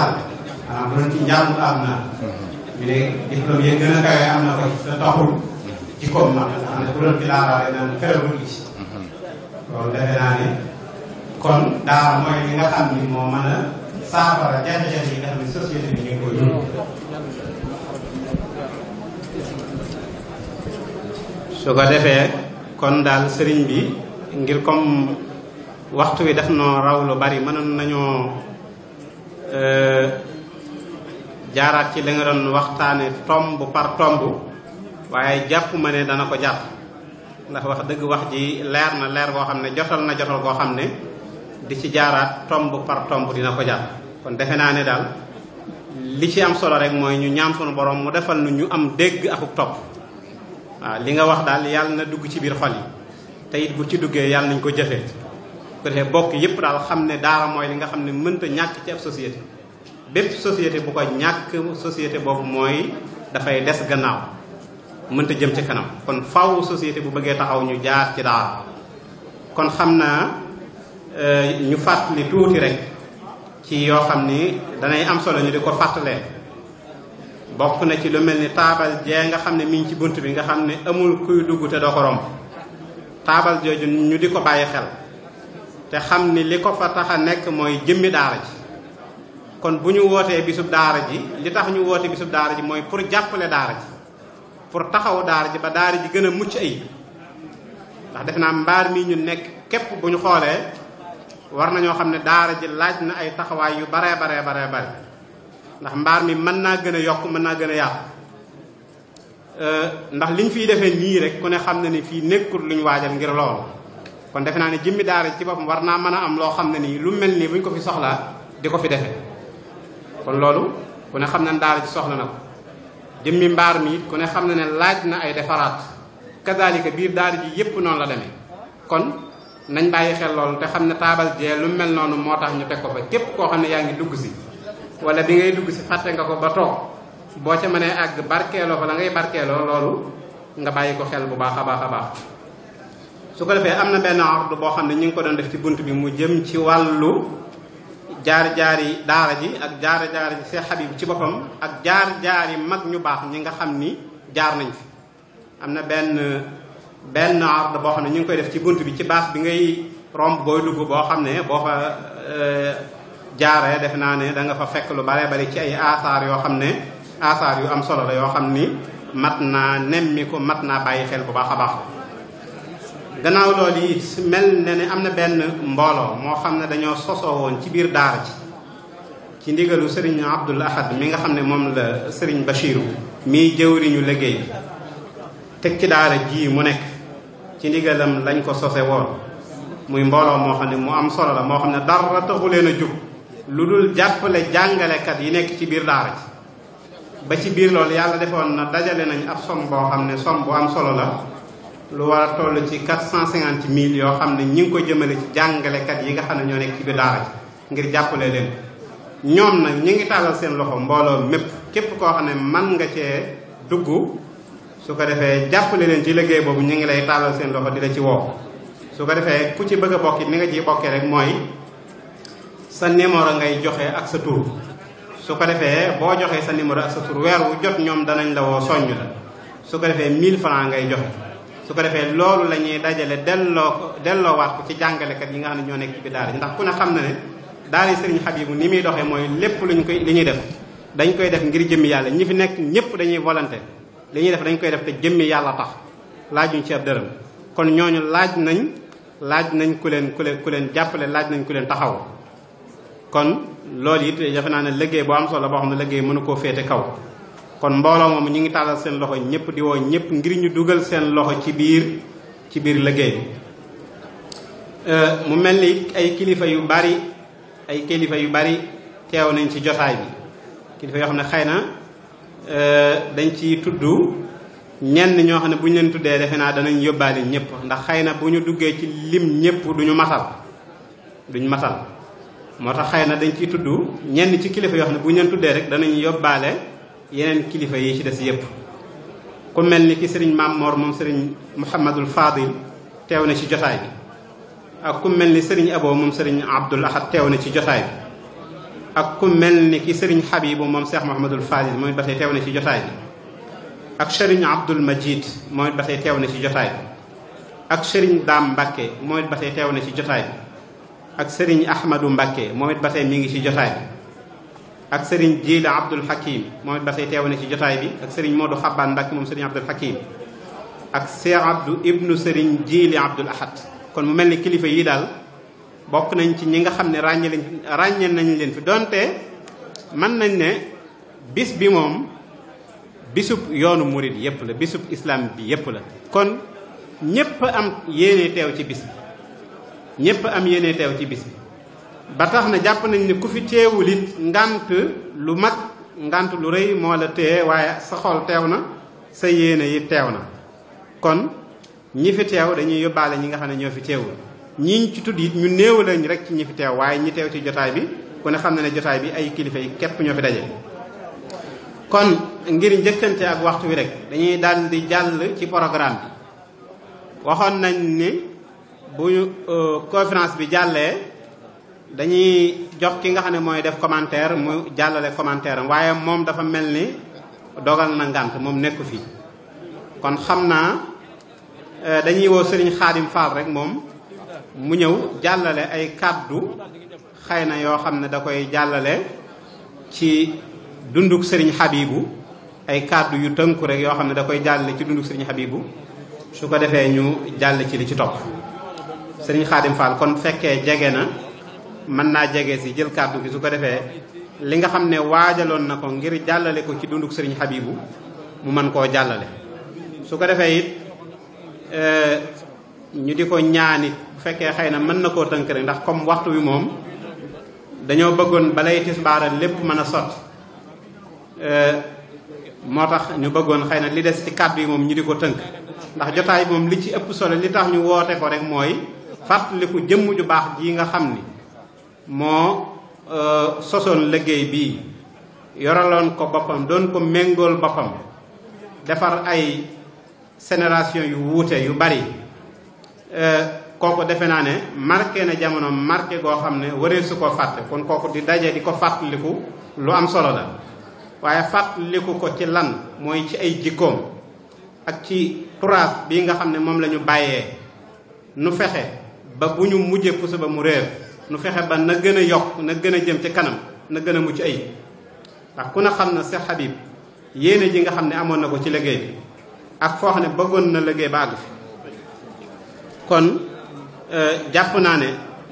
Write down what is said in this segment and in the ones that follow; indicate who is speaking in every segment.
Speaker 1: xaal ne diplôme yi am na ko te taxul ci koom ma xam ne bu doon ci laaraale ne kon daara mooy li xam ni moo mën a saafara jafe-jafe yi nga xam ne société bi ñu koy dund
Speaker 2: su ko defee
Speaker 1: kon daal sëriñ bi ngir comme waxtu wi daf noo raw lu bari mënoon nañoo Euh, jaaraat ci li nga doon waxtaane tomb par tomb waaye jàpp ne dana ko jàpp ndax wax dëgg wax ji leer na leer goo xam ne jotal na jotal goo xam ne di ci jaaraat tomb par tomb dina ko jàpp kon defe naa ne daal li ci am solo rek mooy ñu ñaan sunu borom mu defal nu ñu am dégg akuk topp waaw li nga wax daal yàlla na dugg ci biir xol yi te bu ci duggee yàlla nañ ko jëfee bu bokk yépp daal xam ne daara mooy li nga xam ne mënta ñàkk ci ab société bépp société bu ko ñàkk société boobu mooy dafay des gannaaw mënta jëm ci kanam kon faw société bu bëggee taxaw ñu jaar ci daara kon xam naa euh, ñu fàttali tuuti rek ci yoo xam ni danay am solo ñu di ko fàttalee bokk na ci lu mel ni taabal jee nga xam ne mi ngi ci bunt bi nga xam ne amul kuy dugg te doo ko romb taabal jooju ñu di ko bàyyi xel te xam ni li ko fa tax a nekk mooy jëmmi daara ji kon bu ñu wootee bisub daara ji li tax ñu woote bisub daara ji mooy pour jàppale daara ji pour taxaw daara ji ba daara ji gën a mucc ayib ndax def naa mbaar mii ñu nekk képp bu ñu xoolee war na ñoo xam ne daara ji laaj na ay taxawaay yu baree baree baree bare ndax mbaar mi mën naa gën a yokk mën naa gën a yàqu euh, ndax liñ fiy defee nii rek ku ne xam ne ni fii nekkul lu ñu waajal ngir loolu kon defe naa ne jëmmi daara ci boppam war naa mën a am loo xam ne nii lu mel nii buñ ko fi soxlaa di ko fi defee kon loolu ku ne xam na ne daara ci soxla na ko jëmmi mbaar mi ku ne xam na ne laaj na ay defaraat kazalika biir daara ji yépp noonu la demee kon nañ bàyyi xel loolu te xam ne taabal jee lu mel noonu moo tax ñu teg ko fa képp koo xam ne yaa ngi dugg si wala bi ngay dugg si fàtte nga ko ba toog boo ca mënee àgg barkeeloo fa la loolu nga bàyyi ko xel bu baax a baax a baax su ko defee am na benn ordre boo xam ne ñu ngi ko doon def ci bunt bi mu jëm ci wàllu jaar-jaari daara ji ak jaar-jaari Seex Habib ci boppam ak jaar-jaari mag ñu baax ñi nga xam ni jaar nañ fi am na benn benn ordre boo xam ne ñu ngi koy def ci bunt bi ci baax bi ngay romb booy dugg boo xam ne boo fa euh, jaaree defe naa ne danga fa fekk lu bare bari ci ay aasaar yoo xam ne aasaar yu am solo la yoo xam ni mat naa nemmi mat naa bàyyi xel bu baax a baax gannaaw loolu it mel na ne am na benn mbooloo moo xam ne dañoo sosoo woon ci biir daara ji ci ndigalu sëriñ Abdul Ahad mi nga xam ne moom la sëriñ Bachiru mii jëwriñu liggéey teg ci daara ji mu nekk ci ndigalam lañ ko sose woon muy mbooloo moo xam ne mu am solo la moo xam ne dara taxu leen a jub lu dul jàppale jàngalekat yi nekk ci biir daara ji ba ci biir loolu yàlla defoon na dajale nañ ab som boo xam ne som bu am solo la lu war a toll ci quatre cent cinquante mille yoo xam ne ñi ngi ko jëmale ci jàngalekat yi nga xam ne ñoo nekk ci biir daara ji ngir jàppale leen ñoom nag ñu ngi tàllal seen loxo mbooloo mépp képp koo xam ne man nga cee dugg su ko defee jàppale leen ci liggéey boobu ñu ngi lay tàllal seen loxo di la ci woo su ko defee ku ci bëgg a bokki ni nga ciy bokkee rek mooy sa numéro ngay joxe ak sa tur su ko defee boo joxee sa numéro ak sa tur weer wu jot ñoom danañ la woo soññ su ko defee 1000 francs ngay joxe su ko defee loolu la ñuy dajale delloo ko delloo waat ko ci jàngalekat yi nga xam ne ñoo nekk ci bi daara ndax ku ne xam na ne daara Serigne Habibou ni muy doxee mooy lépp luñ koy li ñuy def dañ koy def ngir jëmmi yàlla ñi fi nekk ñëpp dañuy volonté li ñuy def dañ koy def te jëmmi yàlla tax laajuñ ci ab dërëm kon ñooñu laaj nañ laaj nañ ku leen ku leen ku leen jàppale laaj nañ ku leen taxaw kon loolu it defe naa ne liggéey boo am solo boo xam ne liggéey mënu koo féete kaw kon mbooloo moom ñu ngi tàllal seen loxo ñëpp di woo ñëpp ngir ñu dugal seen loxo ci biir ci biir liggéey euh, mu mel ni ay kilifa yu bari ay kilifa yu bari teew nañ ci jotaay bi kilifa yoo xam ne xëy na euh, dañ ciy tudd ñenn ñoo xam ne bu ñu leen tuddee defe naa danañ yóbbaale ñëpp ndax xëy na bu ñu duggee ci lim ñëpp duñu matal duñu matal moo tax xëy na dañ ciy tudd ñenn ci kilifa yoo xam ne bu ñu leen tuddee rek danañu yóbbaale yeneen kilifa yi ci des yépp ku mel ni ki sëriñ Maam moom sëriñ Mouhamadul Fadil teew na ci jotaay bi ak ku mel ni sëriñ Abo moom sëriñ Abdul teew na ci jotaay ak ku mel ni ki sëriñ Habibu moom Cheikh Mouhamadul Fadil mooy ba tey teew na ci jotaay bi ak sëriñ Abdul Majid mooy ba tey teew na ci jotaay bi ak sëriñ Daam Mbàkke mooy na ci jotaay ak sëriñ Ahmadu Mbàkke moom ba tey mi ngi ci jotaay bi ak sëriñ Jiila Abdul Hakim moom it ba teew na ci jotaay bi ak sëriñ Modou Xabbaan Mbàkke moom sëriñ Abdul Hakim ak Seex Abdu ibnu sëriñ Jiili Abdul Ahad kon mu mel ni kilifa yi daal bokk nañ ci ñi nga xam ne ràññe leen ràññe nañ leen fi donte mën nañ ne bis bi moom bisub yoonu murid yépp la bisub islam bi yépp la kon ñépp am yéene teew ci bis bi ñépp am yéene teew ci bis bi ba tax na jàpp nañ ne ku fi teewul it ngant lu mag ngant lu rëy moo la téye waaye sa xol teew na sa yéene yi teew na kon ñi fi teew dañuy yóbbaale ñi nga xam ne ñoo fi teewul ñiñ ci tudd it ñu néew lañ rek ci ñi fi teew waaye ñi teew ci jotaay bi ku ne xam na ne jotaay bi ay kilifa yi képp ñoo fi daje kon ngir njëkkante ak waxtu wi rek dañuy daal jàll ci programme bi waxoon nañ ni bu euh, conférence bi jàllee dañuy jox ki nga xam ne mooy def commentaire mu jàllale commentaire am waaye moom dafa mel ni dogal na ngànt moom nekku fii kon xam naa euh, dañuy woo sëriñ Khadim Fall rek moom mu ñëw jàllale ay kàddu xëy na yoo xam ne da koy jàllale ci dunduk Serigne Habibou ay kàddu yu tënku rek yoo xam ne da koy jàllale ci dunduk Serigne Habibou su ko defee ñu jàll ci li ci topp Serigne Khadim kon fekkee jege na mën naa jege si jël kàddu gi su ko defee li nga xam ne waajaloon na ko ngir jàllale ko ci dunduk sëriñ Habibou mu mën koo jàllale su ko defee it euh, ñu di ko ñaani bu fekkee xëy na mën na koo tënk rek ndax comme waxtu wi moom dañoo bëggoon balay tisbaara lépp mën a sot euh, moo tax ñu bëggoon xëy na li des ci kàddu yi moom ñu di ko tënk ndax jotaay moom li ci ëpp solo li tax ñu woote ko rek mooy fàttaliku jëmm ju baax ji nga xam ni moo euh, sosoon liggéey bi yoraloon ko boppam doon ko méngool boppam defar ay génération yu wuute yu bari euh, kooku defe naa ne marqué na jamono marqué goo xam ne waree su ko fàtte kon kooku di daje di ko fàttaliku lu am solo la waaye fàttaliku ko ci lan mooy ci ay jikkoom ak ci turaas bi nga xam ne moom lañu bàyyee nu fexe ba bu ñu mujjee puso ba mu réer nu fexe ba na gën a yokk na gën a jëm ci kanam na gën a mucc ayib ndax ku ne xam na Seex Habib yéene ji nga xam ne amoon na ko ci liggéey bi ak foo xam ne bëggoon na liggéey ba fi kon euh, jàpp naa ne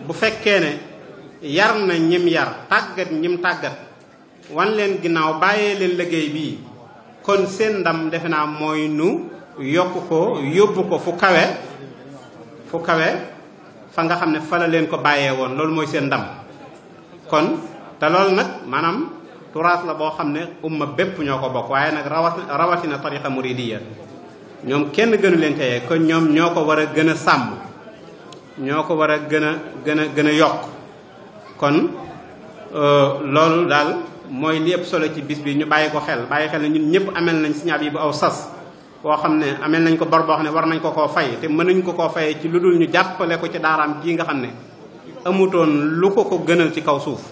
Speaker 1: bu fekkee ne yar na ñim yar tàggat ñim tàggat wan leen ginnaaw bàyyee leen liggéey bii kon seen ndam defe naa mooy nu yokk ko yóbbu ko fu kawe fu kawe fa nga xam ne fa la leen ko bàyyee woon loolu mooy seen ndam kon te loolu nag maanaam turaas la boo xam ne umma bépp ñoo ko bokk waaye nag rawatina rawatina tariqa muridiya ñoom kenn gënu leen teyee kon ñoom ñoo ko war a gën a sàmm ñoo ko war a gën a gën a gën a yokk kon euh, loolu daal mooy li solo ci bis bi ñu bàyyi ko xel bàyyi xel ne ñun ñëpp amel nañ yi Abiibu aw sas boo xam ne amel nañ ko bor boo xam ne war nañ ko koo fay te mën nañ ko koo fayee ci lu dul ñu jàppale ko ca daaraam jii nga xam ne amutoon lu ko ko gënal ci kaw suuf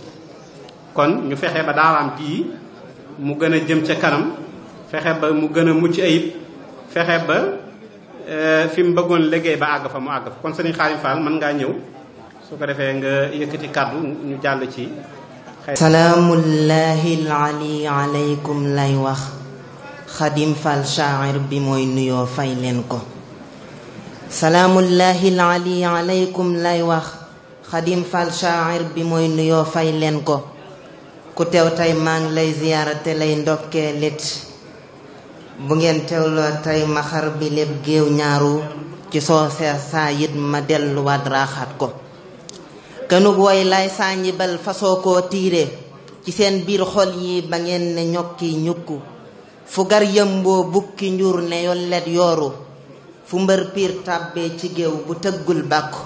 Speaker 1: kon ñu fexe ba daaraam jii mu gën a jëm ca kanam fexe ba mu gën a mucc ayib fexe ba eh, fi mu bëggoon liggéey ba àgg fa mu àgg fa kon sëriñ Xaalim Fall mën ngaa ñëw su ko defee nga yëkkati kàddu ñu jàll ci
Speaker 3: salaamullahi alali aleykum lay wax xadim fal bi mooy nuyoo fay leen ko salaamullahi ali aleykum lay wax xadim fal bi mooy nuyoo fay leen ko ku teew tey maa ngi lay ziyaara te lay ndokkee lit bu ngeen teewloo tey maxar bi lépp géew ñaaru ci soosee saa yit ma delluwaat raaxaat ko kanug woy lay saa njibal fasoo koo tiire ci seen biir xol yi ba ngeen ne ñokki ñukku fu gar yëmboo bukki njur ne yollet yooru fu mbër piir tàbbee ci géew bu tëggul bàkku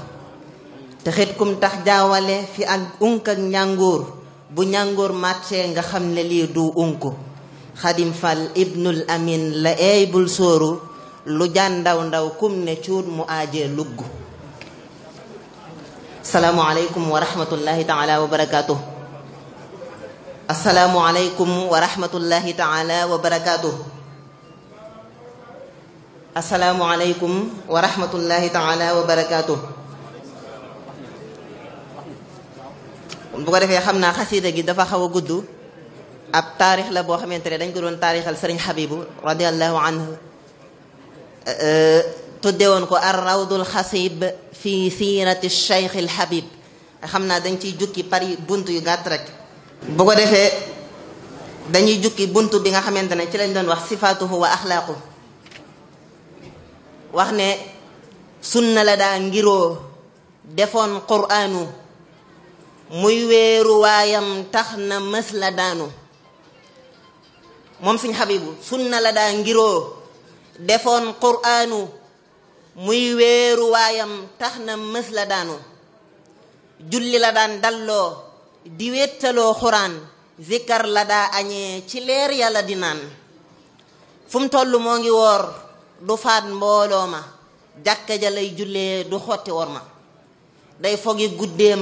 Speaker 3: te xit kum tax jaawale fi ak unk ak njàngoor bu njàngoor màccee nga xam ne lii du unku xadim fal ibnul amin la eey bul sóoru lu jaan ndaw ndaw kum ne cuut mu aajee lugg salaamu aleykum wa rahmatullahi taala wa barakaatu asalaamualeykum wa rahmatullahi taala wa barakaatu. asalaamualeykum wa rahmatullahi taala wa barakaatu. bu ko defee xam naa xasiida gi dafa xaw a gudd ab taarix la boo xamante ne dañ ko doon taarixal sëriñ Xabibu radiallahu anhu tuddewoon ko ar rawdul xasib fi siirati cheikh al Habib xam naa dañ ciy jukki pari bunt yu gàtt rek bu ko defee dañuy jukki bunt bi nga xamante ne ci lañ doon wax sifaatuhu wa axlaaqu wax ne sunna la daa ngiroo defoon quraanu muy wéeru waayam na moom suñ xabibu sunna la daa ngiroo defoon quraanu muy wéeru waayam tax na mës la daanu julli la daan dalloo di wéttaloo xuraan zikkar la daa añee ci leer yàlla di naan fu mu toll moo ngi woor du faat mbooloo ma jàkka ja lay jullee du xotti wor ma day fogi guddeem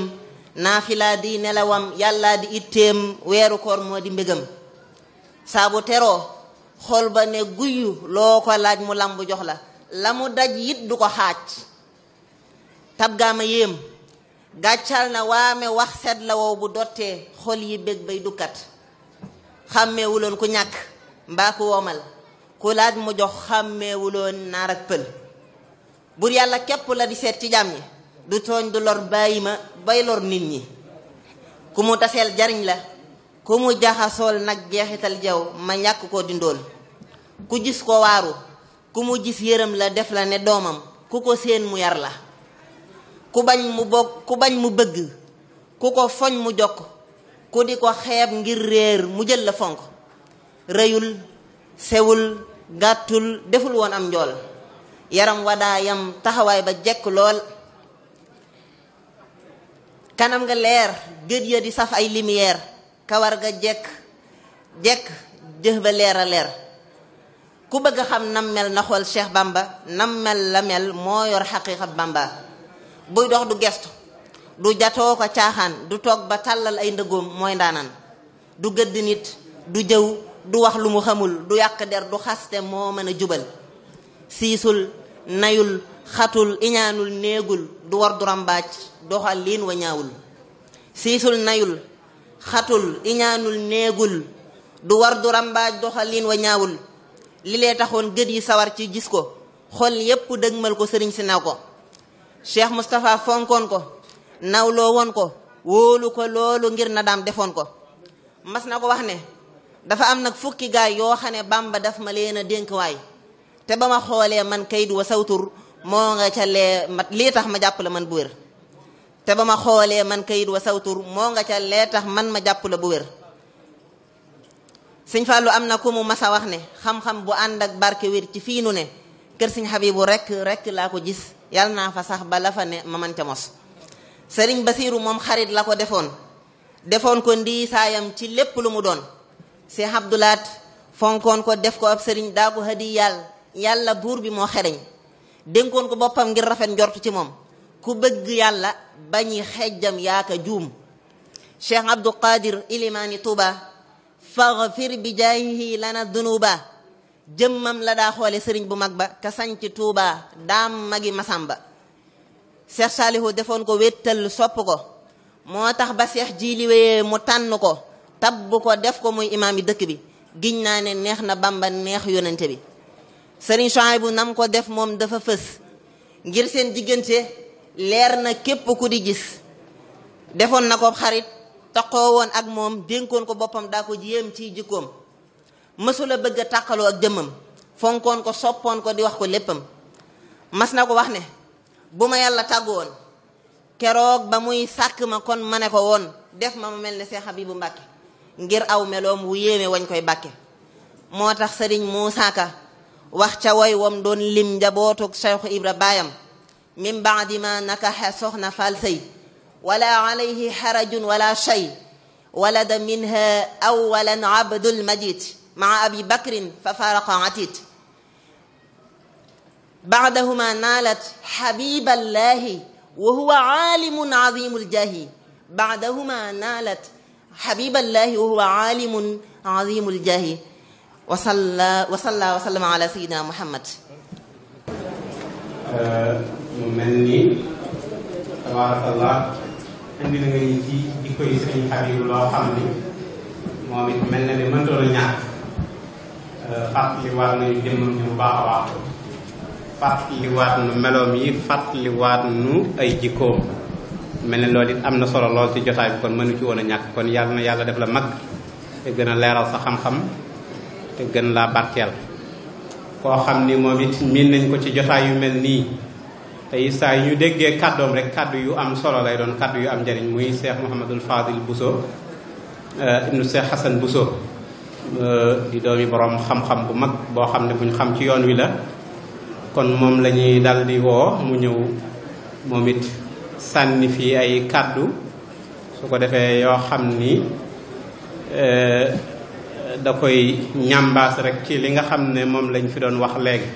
Speaker 3: naafilaa di nelawam yàlla di itteem weeru koor moo di mbégam saabu teroo xool ba ne guyyu loo ko laaj mu lambu jox la la mu daj it du ko xaaj tab gaama yéem gàccal na waame wax seet la wow bu dottee xol yi bég bay dukkat xàmmeewuloon ku ñàkk mbaa ku womal ku laaj mu jox xàmmeewuloon naar ak pël bur yàlla képp la di seet ci jàmm ñi du tooñ du lor bàyyi ma bay lor nit ñi ku mu taseel jariñ la ku mu jaxasool nag jeexital jaw ma ñàkk koo dindool ku gis ko waaru ku mu gis yërëm la def la ne doomam ku ko seen mu yar la ku bañ mu bokk ku bañ mu bëgg ku ko foñ mu jokk ku di ko xeeb ngir réer mu jël la fonk rëyul sewul gàttul deful woon am njool yaram wadaayam taxawaay ba jekk lool kanam nga leer gët ya di saf ay lumière kawar ga jekk jekk jëf ba leer a leer ku bëgg xam nam mel na xool Cheikh Bamba nam mel la mel moo yor xaqiiqa Bamba buy dox du gestu du jatoo ko caaxaan du toog ba tàllal ay ndëggoom mooy ndaanaan du gëdd nit du jëw du wax lu mu xamul du yàq der du xaste moo mën a jubal siisul nayul xatul iñaanul néegul du war du rambaaj doxal liin wa ñaawul siisul nayul xatul iñaanul néegul du war du rambaaj doxal wa ñaawul li lee taxoon gët yi sawar ci gis ko xol yépp dëgmal ko sëriñ si naw ko cheikh Moustapha fonkoon ko nawloo woon ko wóolu ko loolu ngir na daam defoon ko mas na ko wax ne dafa am nag fukki gaa yoo xam ne bamba daf ma leen a dénk waay te ba ma xoolee man kaydu wa sawtur moo nga ca lee tax ma jàpp la man bu wér te ba ma xoolee man kayit wa sawtur moo nga ca lee tax man ma jàpp la bu wér sëñ Fallou am na ku mu masa wax ne xam-xam bu ànd ak barke wér ci fii ne kër sëñ Habibu rekk rekk laa ko gis yal naa fa sax ba la fa ne ma man ca mos sëriñ Basiiru moom xarit la ko defoon defoon ko ndi ci lépp lu mu doon Seex Abdulaat fonkoon ko def ko ab sëriñ daa ko hadi yàlla yàlla buur bi moo xereñ dénkoon ko boppam ngir rafet njortu ci moom ku bëgg yàlla bañi xejjam yaaka juum Cheikh Abdou Qadir Ilimani Touba faghfir bi jaahihi lana dunuba jëmmam la daa xoole sëriñ bu mag ba ka sañc Touba daam magi Masamba Cheikh Salihu defoon ko wéttal sopp ko moo tax ba Cheikh Jili wéyee mu tànn ko tabb ko def ko muy imaam yi dëkk bi giñ naa ne neex na Bamba neex yonente bi sëriñ bu nam ko def moom dafa fës ngir seen diggante leer na képp ku di gis defoon na ko xarit taxoo woon ak moom dénkoon ko boppam daa ko jéem ciy jikkoom mësula bëgg a takkaloo ak jëmmam fonkoon ko soppoon ko di wax ko léppam mas na ko wax ne bu ma yàlla taggoon keroog ba muy sàkk ma kon ma ne ko woon def ma mel ne Seex Habibu Mbàkke ngir aw meloom wu yéeme wañ koy bàkke moo tax sëriñ Muusaa Ka wax ca way wam doon lim njabootug Seex Ibra baayam min baadi ma nakaxa soxna fal sëy wala alayhi xarajun wala shay walada minha awalan abdul majid maa abi bakrin fa faraqa atit baadahuma naalat xabiba allahi wa huwa aalimun azimu ljaahi baadahuma naalat xabiba allahi wa huwa aalimun azimu ljaahi wa salla wa salla wa sallama ala sayidina muhammad
Speaker 1: mu mel ni tabarakallah indi na nga ñu ci jikko yi sëriñ Habib loo xam ni moom it mel na ne mëntoon a ñàkk fàttaliwaat nañu jëmmam ji bu baax a baax fàttaliwaat nu meloom yi fàttaliwaat nu ay jikkoom mel ne loolu it am na solo lool ci jotaay bi kon mënu ci woon a ñàkk kon yàlla na yàlla def la mag te gën a leeral sa xam-xam te gën laa barkeel koo xam ni moom it miin nañ ko ci jotaay yu mel nii tey saa yu ñu déggee kàddoom rek kàddu yu am solo lay doon kàddu yu am njariñ muy Cheikh Mouhamadul Fadil Bousso euh, ibnu Cheikh Hassan Bousso Euh, di doomi boroom xam-xam bu mag boo xam ne buñ xam ci yoon wi la kon moom lañuy ñuy dal di woo mu ñëw moom it sànni fii ay kàddu su ko defee yoo xam ni euh, da koy ñambaas rek ci li nga xam ne moom lañ fi doon wax léegi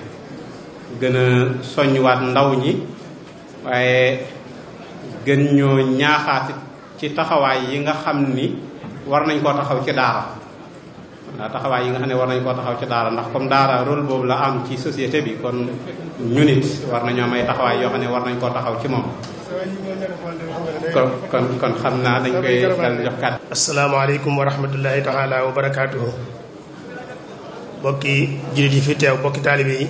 Speaker 1: gën a ndaw ñi waaye gën ñoo ñaaxaati ci taxawaay yi nga xam ni war nañ koo taxaw ci daara taxawaay yi nga xam ne war nañ koo taxaw ci daara ndax comme daara rôle boobu la am ci societé bi kon ñu nit war nañoo may taxawaay yoo xam ne war nañ koo taxaw ci moom
Speaker 4: kon xam naa dañ koy dal jox kàddu asalaamaaleykum wa rahmatullahi taala wa barakaatuhu bokki jullit yi fi teew bokki taalibe yi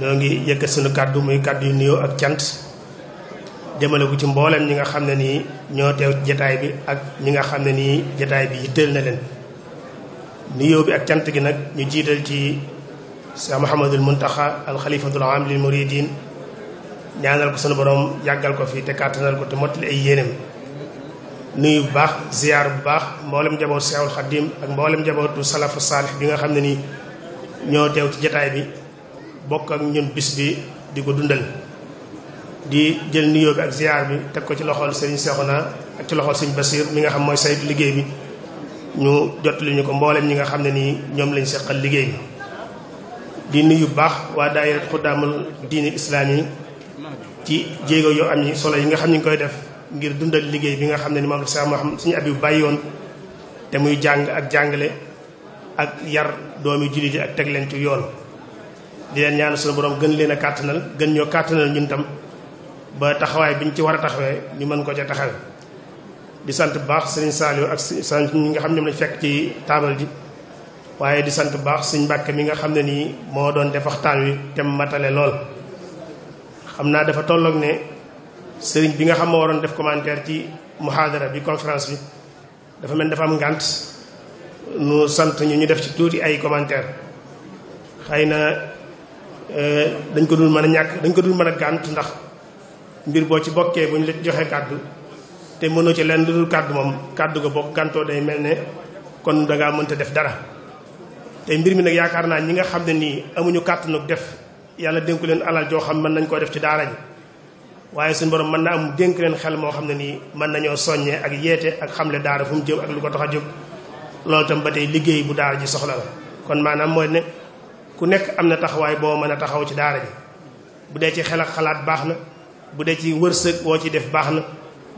Speaker 4: ñoo ngi yëkkat sunu kàddu muy kàddu yu nuyoo ak cant jëmale ko ci mboolem ñi nga xam ne nii ñoo teew jataay bi ak ñi nga xam ne nii jataay bi yitteel na nuyoo bi ak cant gi nag ñu jiital ci Cheikh Mouhamadul Muntaxa alxalifatul am lil muridin ñaanal ko sunu borom yàggal ko fi te kàttanal ko te mottali ay yéenem nuyu bu baax ziyaar bu baax mboolem njaboot Seexul Xaddim ak mboolem njabootu salafu saalix bi nga xam ne ni ñoo teew ci jataay bi bokk ak ñun bis bi di ko dundal di jël nuyoo bi ak ziyaar bi teg ko ci loxol Serigne Seexuna ak ci loxol Serigne Basiir mi nga xam mooy saytu liggéey bi ñu jot li ñu ko mboolem ñi nga xam ne nii ñoom lañ seqal liggéey bi di yu baax waa daayira xuddaamul diini islaam yi ci jéego yoo am yi solo yi nga xam ne ñu koy def ngir dundal liggéey bi nga xam ne ni moom la sax moo xam suñu ab yu bàyyi yoon te muy jàng ak jàngale ak yar doomi jullit yi ak teg leen ci yoon di leen ñaan suñu borom gën leen a kàttanal gën ñoo kàttanal ñun tam ba taxawaay bi ñu ci war a taxawee ñu mën ko ca taxawee di sant baax sëriñ Saliou ak sant ñi nga xam ne lañ fekk ci taabal ji waaye di sant bu baax sëriñ Mbàkke mi nga xam ne nii moo doon def waxtaan wi te matale lool xam naa dafa tolloog ne sëriñ bi nga xam moo waroon def commentaire ci muhaadara bi conférence bi dafa mel dafa am ngànt nu sant ñu ñu def ci tuuti ay commentaire xëy na euh, dañ ko dul mën a ñàkk dañ ko dul mën a gànt ndax mbir boo ci bokkee bu ñu la joxee kàddu te mënoo ci lenn lu dul kàddu moom kàddu ga bokk gàntoo day mel ne kon dangaa mën mënta def dara te mbir mi nag yaakaar naa ñi nga xam ne nii amuñu kàttanu def yàlla dénku leen alal joo xam mën nañ koo def ci daara ji waaye borom mën na am dénk leen xel moo xam ne nii mën nañoo soññee ak yeete ak xamle daara fu mu jëm ak lu ko tax a jóg loolu tam ba tey liggéey bu daara ji soxla la kon maanaam mooy ne ku nekk am na taxawaay boo mën a taxaw ci daara ji bu dee ci xel ak xalaat baax na bu dee ci ci def baax na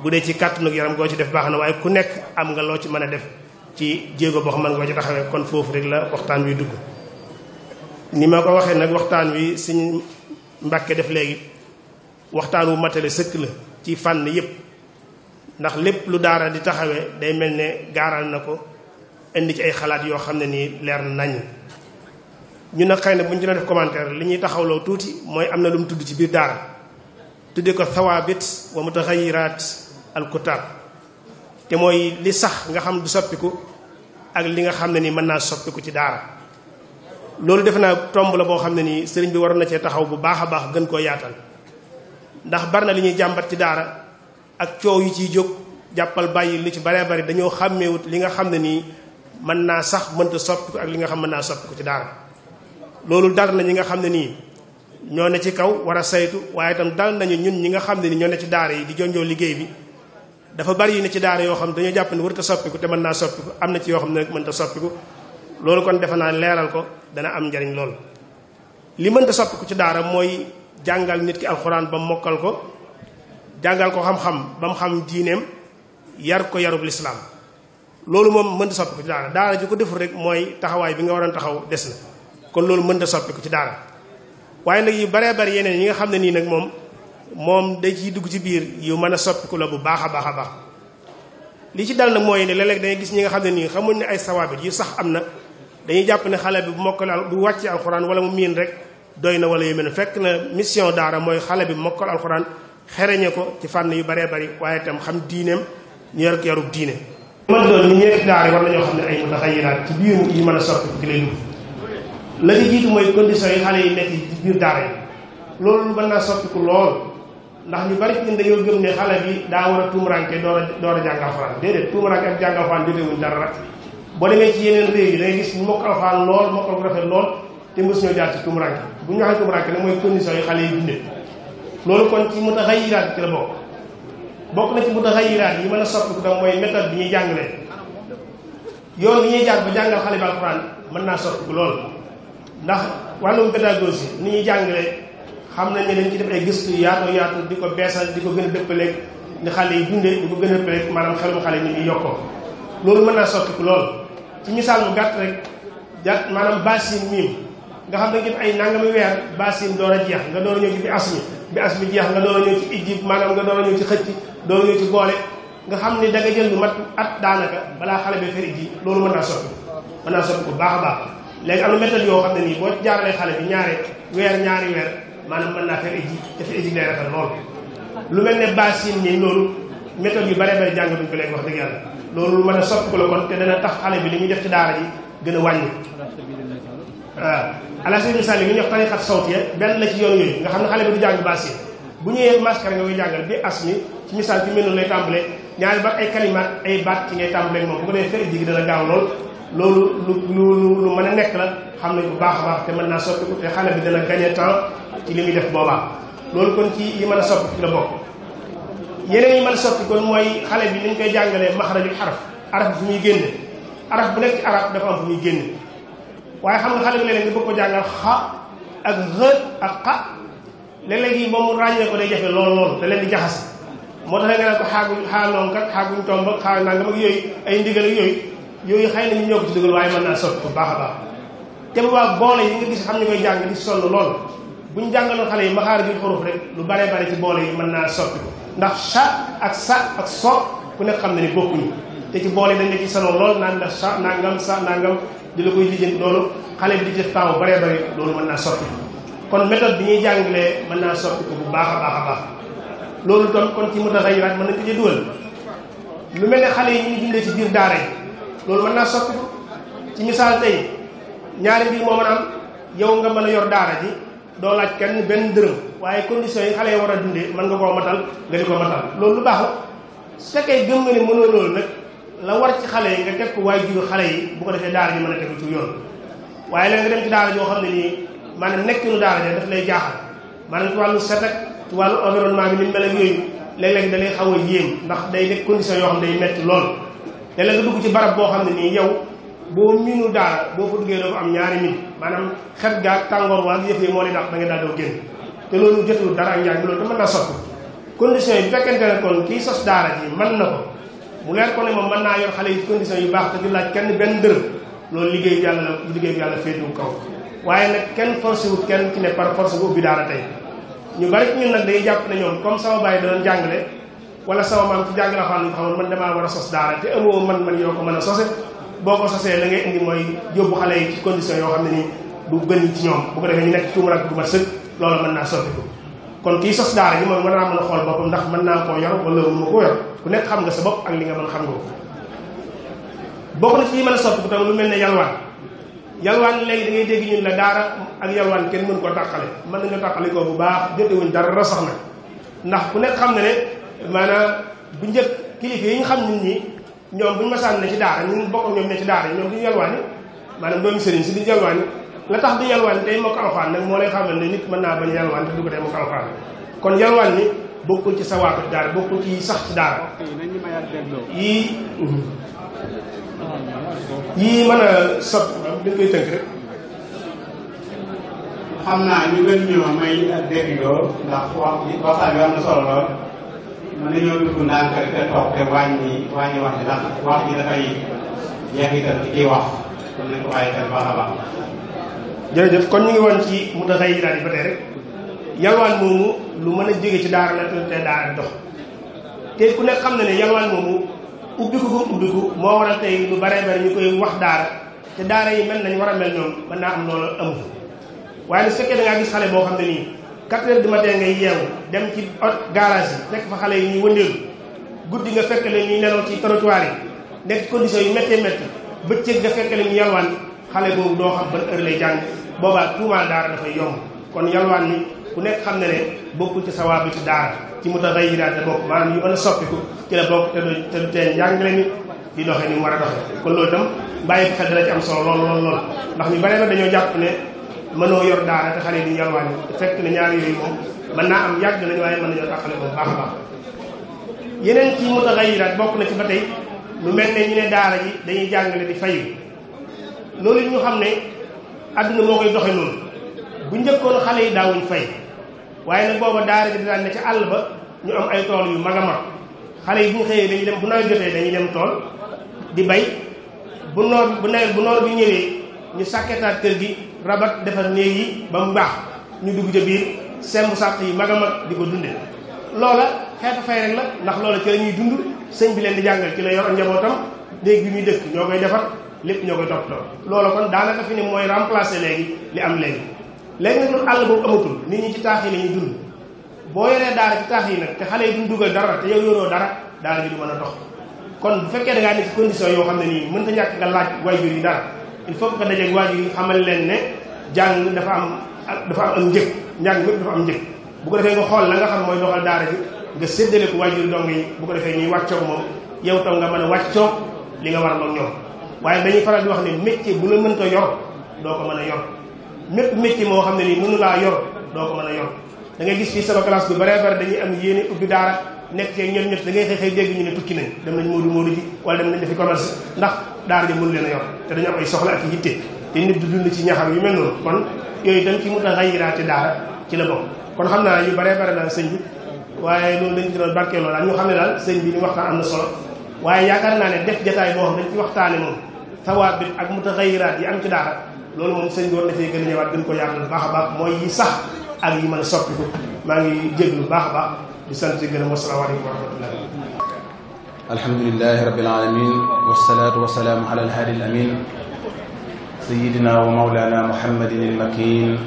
Speaker 4: bu dee ci kàttanu yaram goo ci def baax na waaye ku nekk am nga loo ci mën a def ci jéego boo xam mën nga ci taxawee kon foofu rek la waxtaan wi dugg ni ma ko waxee nag waxtaan wi suñu mbàkke def léegi waxtaan wu matale sëkk la ci fànn yépp ndax lépp lu daara di taxawee day mel ne gaaral na ko indi ci ay xalaat yoo xam ne nii leer na nañ ñu nag xëy na bu ñu ci def commentaire li ñuy taxawloo tuuti mooy am na lu mu tudd ci biir daara tudde ko thawaabit wa alkutaab te mooy li sax nga xam du soppiku ak li nga xam ne ni mën naa soppiku ci daara loolu defe naa tomb la boo xam ne nii sëriñ bi waroon na cee taxaw bu baax a baax gën koo yaatal ndax bari na li ñuy jàmbat ci daara ak coow yi ciy jóg jàppal bàyyi lu ci baree bari dañoo xàmmeewut li nga xam ne nii mën naa sax mënta soppiku ak li nga xam mën naa soppiku ci daara loolu dal na ñi nga xam ne nii ñoo ne ci kaw war a saytu waaye itam dal nañu ñun ñi nga xam ne ni ñoo ne ci daara yi di jonjoo liggéey bi dafa bari yu ne ci daara yoo xam dañoo jàpp ne warut a soppiku te mën naa soppiku loolu kon defe naa leeral ko dana am njariñ lool. li mënta soppiku ci daara mooy jàngal nit ki alxuraan ba mokkal ko jàngal ko xam-xam ba xam diineem yar ko yarub loolu moom mënta soppiku ci daara daara ji ko deful rek mooy taxawaay bi nga waroon taxaw des na kon loolu mënta soppiku ci daara waaye xam ne nii nag moom. moom day ciy dugg ci biir yu mën a soppiku la bu baax a baax a baax li ci dal mooy ne léeg gis ñi nga xam ne nii xamuñ ne ay sawaabit yu sax am na dañuy jàpp ne xale bi bu mokkal bu wàccee alxuraan wala mu miin rek doy na wala yu mel fekk na mission daara mooy xale bi mokkal alxuraan xereñe ko ci fànn yu baree bari waaye itam xam diineem ñu yor yarub
Speaker 2: man doon ni ñeenti a
Speaker 4: soppiku jiitu mooy condition yi xale yi nekk ci biir daara yi loolu mën naa soppiku lool ndax ñu bari ñun dañoo gëm ne xale bi daa war a tuumuranke door a door a jàng alxuraan déedéet tuumuranke ak jàng alxuraan jotewuñ dara boo demee ci yeneen réew yi da ngay gis ñu mokk alxuraan lool bu rafet lool te mos ñoo jaar ci mooy condition yi xale yi dundee kon ci mutaxayiraat ci la bokk bokk na ci mutaxayiraat yi mën a soppiku da mooy bi ñuy jàngalee yoon bi ñuy jàng ba jàngal xale bi alxuraan mën naa soppiku lool ndax wàllum pédagogie ni ñuy jàngalee xam nañ ne dañ ci def ay gëstu yaatu yaatu di ko beesal di ko gën a dëppaleeg ni xale yi dundee di ko gën a dëppaleeg maanaam xelum xale ni ñuy yokkoo loolu mën naa soppiku lool ci misaal mu gàtt rek jàpp maanaam nga xam ne def ay weer basin door a jeex nga door a ñëw ci bi as mi jeex nga door a a ñëw ci xëcc door a ñëw nga xam ne da nga jël lu mat at daanaka balaa xale bi feri ji loolu mën naa soppi mën naa soppi bu baax a baax léegi am na méthode yoo xam ne nii boo jaaralee xale bi ñaari weer ñaari weer maanaam mën naa fexe ji dafa ji day rafet lool lu mel ne basin ñi loolu méthode yu bare bare jàng duñ ko léegi wax dëgg yàlla loolu lu mën a sopp ko la kon te dana tax xale bi li muy def ci daara ji gën a wàññi waaw ala sabi misaal yi ñu wax tariqat sawtiya benn la ci yoon yooyu nga xam ne xale bi du jàng basin bu ñëwee maskara nga koy jàngal bi as mi ci misaal ci mel noonu lay tàmbale ñaari ba ay kalimaat ay baat ci ngay tàmbale moom bu lool loolu lu lu lu mën a nekk la xam nañ bu baax a baax te mën naa soppiku te xale bi dana gagné temps ci li muy def boobaa loolu kon ci yi mën a soppiku la bokk yeneen yi man a soppi kon mooy xale bi ni ñu koy jàngalee maxarajul xaraf araf bi fu muy génne araf bu nekk ci arab dafa am waaye xam nga xale bi léeg-léeg ko jàngal xa ak xët ak xa léeg-léeg yi moom ràññee ko day jafe lool lool da leen di jaxas moo tax nga naan ko xaaguñ xaa noonkat xaaguñ tomb xaa nangam ak yooyu ay ndigal yooyu yooyu xëy na ñu ñoo ko ci dugal waaye mën naa sotti bu baax a baax te yi nga gis xam ñu koy jàng di sonn xale yi maxaar bi xuruf rek bare bare ci boole yi mën naa sotti ko ndax cha ak sa ak so ku nekk xam ne ni bokkuñu boole dañ la ci sonal lool naan ndax cha nangam sa nangam di xale bi di def temps bu bare bare naa sotti kon méthode bi ñuy jàngalee mën naa sotti bu baax a baax a baax loolu tam kon ci mu tax a yëwaat mën nañ ko ci dugal lu mel xale yi ñuy dundee ci biir daara yi loolu mën naa soppiku ci misaal tey ñaari mbir moo mën a am yow nga mën a yor daara ji doo laaj kenn benn dërëm waaye condition yi xale yi war a dundee mën nga koo matal nga di ko matal loolu lu baaxut su fekkee gëm nga ne mënoo loolu nag la war ci xale yi nga teg ko waay jur xale yi bu ko defee daara ji mën a tegu ci yoon waaye léegi nga dem ci daara joo xam ne nii maanaam nekkinu daara ji daf lay jaaxal maanaam ci wàllu set ak ci wàllu bi ni mel ak da lay xaw a ndax day nekk yoo xam day metti lool la nga dugg ci barab boo xam ne nii yow boo miinu daara boo fa duggee doo am ñaari min maanaam xet gaag tàngoor waag yëf yi moo lay dàq da nga daal doo génn te loolu jotul dara ak njaay bi loolu te mën naa soppi condition yi bu fekkente kon kii sos daara ji mën na ko mu leer ko ne moom mën naa yor xale yi condition yu baax te du laaj kenn benn dërëm loolu liggéey yàlla la liggéey bi yàlla féetu kaw waaye nag kenn forcé wut kenn ci ne par force bu ubbi daara tey ñu bari jàpp ne ñoom comme sama bàyyi da doon jàngale wala sa maam ci jàng alxuraan lu taxawoon man damaa war a sos daara te amoo man man yoo ko mën a sose boo ko sosee la indi mooy yóbbu xale yi ci condition yoo xam ne nii du gën ci ñoom bu ko defee ñu nekk tuumarak bu mat sëg loolu mën kon kii sos daara ji moom mën naa mën a xool naa koo yor wala mënuma koo yor ku nekk xam nga sa bopp ak li nga mën xam nga ko bokk na ci mën a soppiku tam lu mel ne yalwaan yalwaan léegi da ngay dégg ñun la daara ak yalwaan kenn mën koo tàqale mën nañoo tàqale ko bu baax jotewuñ dara sax ndax maanaam bu njëkk kilifa yi ñu xam nit ñi ñoom bu ñu masaan ne ci daara ñun bokk ñoom ne ci daara ñoom duñu yalwaani si duñu la tax di yalwaani day mokk alxuraan moo lay xamal ne nit mën naa bañ yalwaan te du ko tey mokk alxuraan kon bokkul ci sawaatu daara bokkul ci sax ci daara yii mhm. a sot dañ ndax
Speaker 1: wax waxtaan bi am na solo lool mën nañoo dugg ndànk te toog te wàññi wàññi wax ji wax ji
Speaker 4: kon nañ ko bàyyi xel baax a baax. kon ñu ngi woon ci mu dafay daal di ba tey rek yalwaan moomu lu mën a jóge ci daara la te daara dox te ku nekk xam na ne yalwaan moomu ubbiku bu ubbiku moo waral tey lu baree bari ñu koy wax daara te daara yi mel nañ war a mel noonu mën naa am loolu amu waaye nag fekkee da gis xale boo xam ne nii. quatre di ma matin ngay yeewu dem ci garage yi fekk fa xale yi ñuy wëndeelu guddi nga fekk leen ñuy nelaw ci trottoir yi nekk condition yu méttee métti bëccëg nga fekk leen ñu yalwaan xale boobu doo xam ban heure lay jàng boobaa tuumaal daara dafay yomb kon yalwaan ni ku nekk xam ne ne bokkul ci sawaabitu daara ci mu a soppiku ci la bokk te du te du tee njàngale ni di doxee ni mu war a doxee kon loolu itam bàyyi xel dana ci am solo lool lool ndax ñu bare na dañoo jàpp ne mënoo yor daara te xale yi duñu yalwaani te fekk na ñaar yooyu moom mën naa am yàgg nañu waaye mën nañoo tàqale ko bu baax a baax yeneen na ci ba tey lu mel ne ñu ne daara ji dañuy jàngale di fayu loolu ñu xam ne àdduna moo koy doxe noonu bu njëkkoon xale yi daawuñ fay waaye nag booba daara ji daan ne ca àll ba ñu am ay tool yu mag a mag xale yi bu ñu xëyee dañuy dem bu nawet jotee dañuy dem tool di bay bu noor bu nawet bu noor ñu sàkketaat kër gi rabat defar néeg yi ba mu ñu dugg ca biir semb sàq yi mag a mag di ko dunde loola xeetu fay rek la ndax loola ci la ñuy dund sëñ bi leen di jàngal ci la yor njabootam néeg bi muy dëkk ñoo koy defar lépp ñoo koy toppatoo loola kon daanaka fi ne mooy remplacer léegi li am léegi léegi nag ñun àll boobu amatul nit ñi ci taax yi la ñuy dund boo yoree daara ci taax yi nag te xale yi duñ dugal dara te yow yoroo dara daara bi a dox kon bu fekkee da ngaa nekk ci yoo xam ne nii mën ta ñàkk nga laaj waajur yi dara il faut que nga dajeeg waajur yi xamal leen ne jàng dafa am dafa am njëg njàng mépp dafa am njëg bu ko defee nga xool la nga xam mooy doxal daara ji nga séddale ko waajur dong yi bu ko defee ñuy wàccoog moom yow tam nga mën a wàccoog li nga war a ñoom waaye dañuy faral di wax ne métier bu la mënta yor doo ko mën a yor mépp métier moo xam ne nii mënu laa yor doo ko mën a yor da ngay gis fii sama classe bu bare bare dañuy am yéene ubbi daara nekk ñoom ñëpp da ngay xëy xëy dégg ñu ne tukki nañ dem nañ moodu moodu ji wala dem nañ defi commerce ndax daara ji mënu leen a yor te dañu am ay soxla ak yitte te nit du dund yu mel noonu kon yooyu tam ci mu tax ay yiraate ci la bokk kon xam naa yu bare bare daal sëñ bi waaye loolu dañ ci doon barkeeloo daal ñu xam ne sëñ bi li am na solo waaye yaakaar naa ne def jataay boo dañ ci waxtaane moom sawaabit ak mutaxayiraat yi am ci loolu moom sëñ bi war gën a ñëwaat gën ko yaatal bu baax a baax mooy sax ak yi mën a soppiku maa ngi jéglu bu baax a di sant di gërëm wasalaamaaleykum wa rahmatullah
Speaker 5: alhamdulilahi rabbil alamin wasalaatu wasalaamu ala alhaadi alamin sayidina wa mawlana muhammadin almakin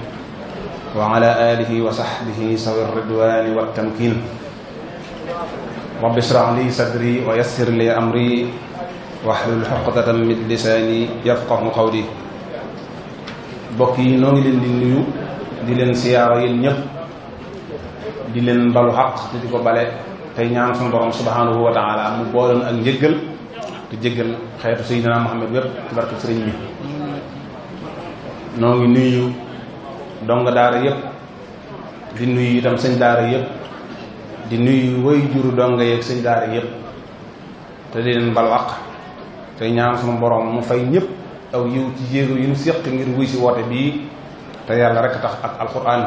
Speaker 5: wa ala alihi wa sahbihi sawi ridwani wattamkin rabbi israh li sadri wa yassir li amri wahlul uqdatan min lisaani yafqahu qawli mbokk yi noo ngi leen di nuyu di leen siyaara yéen ñëpp di leen balu xaq di ko bale tey ñaan suñu borom subhanahu wa taala mu booloon ak njëggal te jëggal xeetu Seydina Muhammad wépp ci barke sëriñ bi noo ngi nuyu di nuyu itam sëñ daara yëpp di nuyu way juru dong yeeg sëñ daara yëpp te di leen balu xaq tey ñaan suñu borom mu fay ñëpp aw yiw ci jéego yu nu séq ngir wuy si woote bii te yàlla rek tax ak alxuraan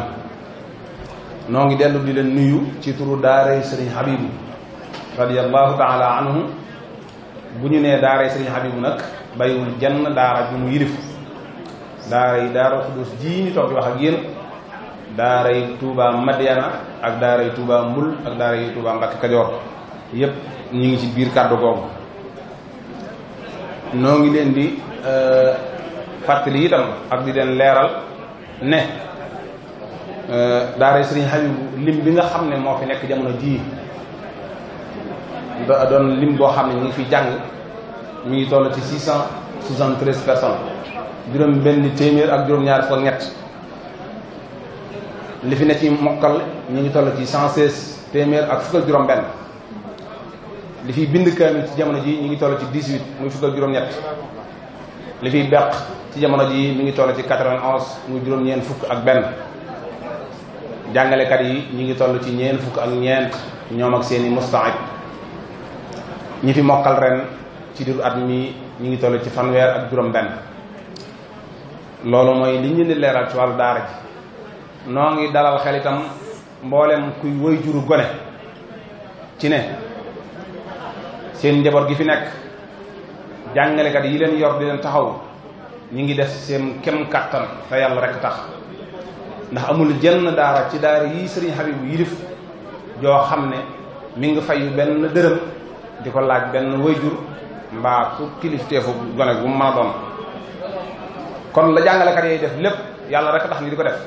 Speaker 5: noo ngi dellu di leen nuyu ci turu daaray sëriñ Habibu radiallahu taala anhu bu ñu nee daaray sëriñ Habibu nag bàyyiwul jenn daara ju mu yilif daara yi daara xudus jii ñu toog di wax ak yéen daara yi Touba Madiana ak daara yi Touba Mbul ak daara yi Touba Mbacke Kajoor yépp ñu ngi ci biir kàddu googu noo ngi leen di euh, fàttali itam ak di leen leeral ne Euh, daara sëriñ Habib lim bi nga xam ne moo fi nekk jamono jii da doon lim boo xam ne ñu ngi fi jàng mu ngi toll ci six cent soixante-treize personnes juróom benn téeméer ak juróom-ñaar fukk ak ñett li fi ne ci mokkal ñu ngi toll ci cent seize téeméer ak fukk ak juróom-benn li fiy bind kaamil ci jamono ji ñu ngi toll ci dix-huit muy fukk ak juróom-ñett li fiy ci jamono ji mi ngi toll ci quatre vingt juróom-ñeent fukk ak benn jàngalekat yi ñu ngi toll ci ñeent fukk ak ñeent ñoom ak seeni mustaxib ñi fi mokkal ren ci diiru at mi ñu ngi toll ci fanweer ak juróom-benn loolu mooy li ñu di leeral ci wàllu daara ji noo ngi dalal xel itam mboolem kuy woy juru gone ci ne seen njaboot gi fi nekk jàngalekat yi leen yor di leen taxaw ñu ngi def seen kem kàttan te yàlla rek tax ndax amul jenn daara ci daara yii sëriñ bu yilif joo xam ne mi ngi yu benn dërëm di ko laaj benn wayjur mbaa ku kilifteefu gone bu doon kon la jàngalekat yooyu def lépp yàlla rek tax ni di ko def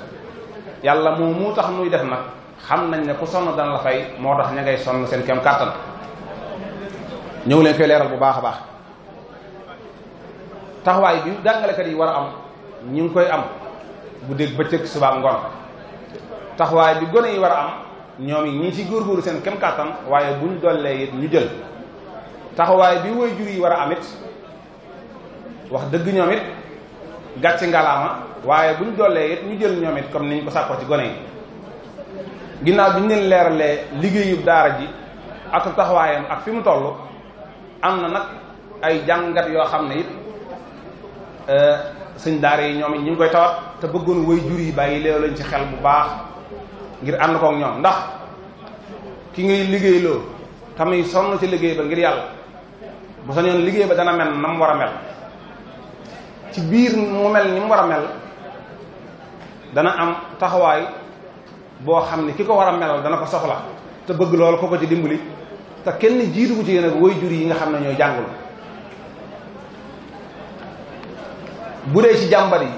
Speaker 5: yàlla moo mu tax nuy def nag xam nañ ne ku sonn dana la fay moo tax ña sonn seen kem kàttan ñëw leen koy leeral bu baax a baax taxawaay bi jàngalekat yi war am ñu ngi koy am bu guddeeg bëccëg subaa ngoon taxawaay bi gone yi war a am ñoom it ñi ci góorgóorlu seen kem kàttan waaye buñ dollee it ñu jël taxawaay bi woy jur yi war a am it wax dëgg ñoom it gàcce ngalaama waaye buñ dollee it ñu jël ñoom it comme niñ ko sàkkoo ci gone yi ginnaaw bi ñu leen leeralee liggéeyu daara ji ak taxawaayam ak fi mu toll am na nag ay jàngat yoo xam ne it euh, sëñ daara yi ñoom it ñu ngi koy tawat te bëggoon way jur yi bàyyi leew lañ ci xel bu baax ngir ànd kook ñoom ndax ki ngay liggéeyloo tamit sonn ci liggéey ba ngir yàlla bu sañoon liggéey ba dana mel na mu war a mel ci biir mu mel ni mu war a mel dana am taxawaay boo xam ne ki ko war a melal dana ko soxla te bëgg loolu ko ci dimbali te kenn jiitu ko ci yéen ak way jur yi nga xam ne ñooy jàngul bu dee ci jàmbar yi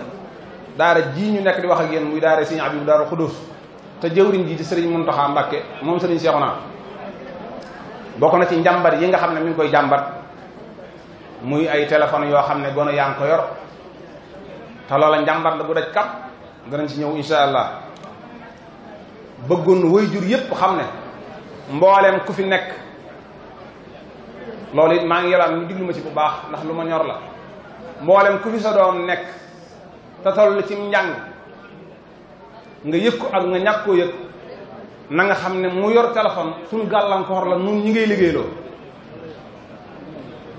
Speaker 5: daara jii ñu nekk di wax a yéen muy daara sëriñ Abibu daara Xudóos te jëwriñ ji di sëriñ Muntaxa Mbàkke moom sëriñ Seexuna bokk na ci njàmbar yi nga xam ne mi koy jàmbat muy ay téléphone yoo xam ne gone yaa ngi ko yor te la bu daj kat danañ ci ñëw insha allah bëggoon way jur yépp xam ne mbooleem ku fi nekk loolu it maa ngi yàlla ñu diglu ma ci bu baax ndax lu ma ñor la mboolem ku fi sa doom nekk te toll ci njàng nga yëg ko ak nga ñàkk koo yëg na nga xam ne mu yor téléphone suñ gàllankoor la nun ñi ngay liggéeyloo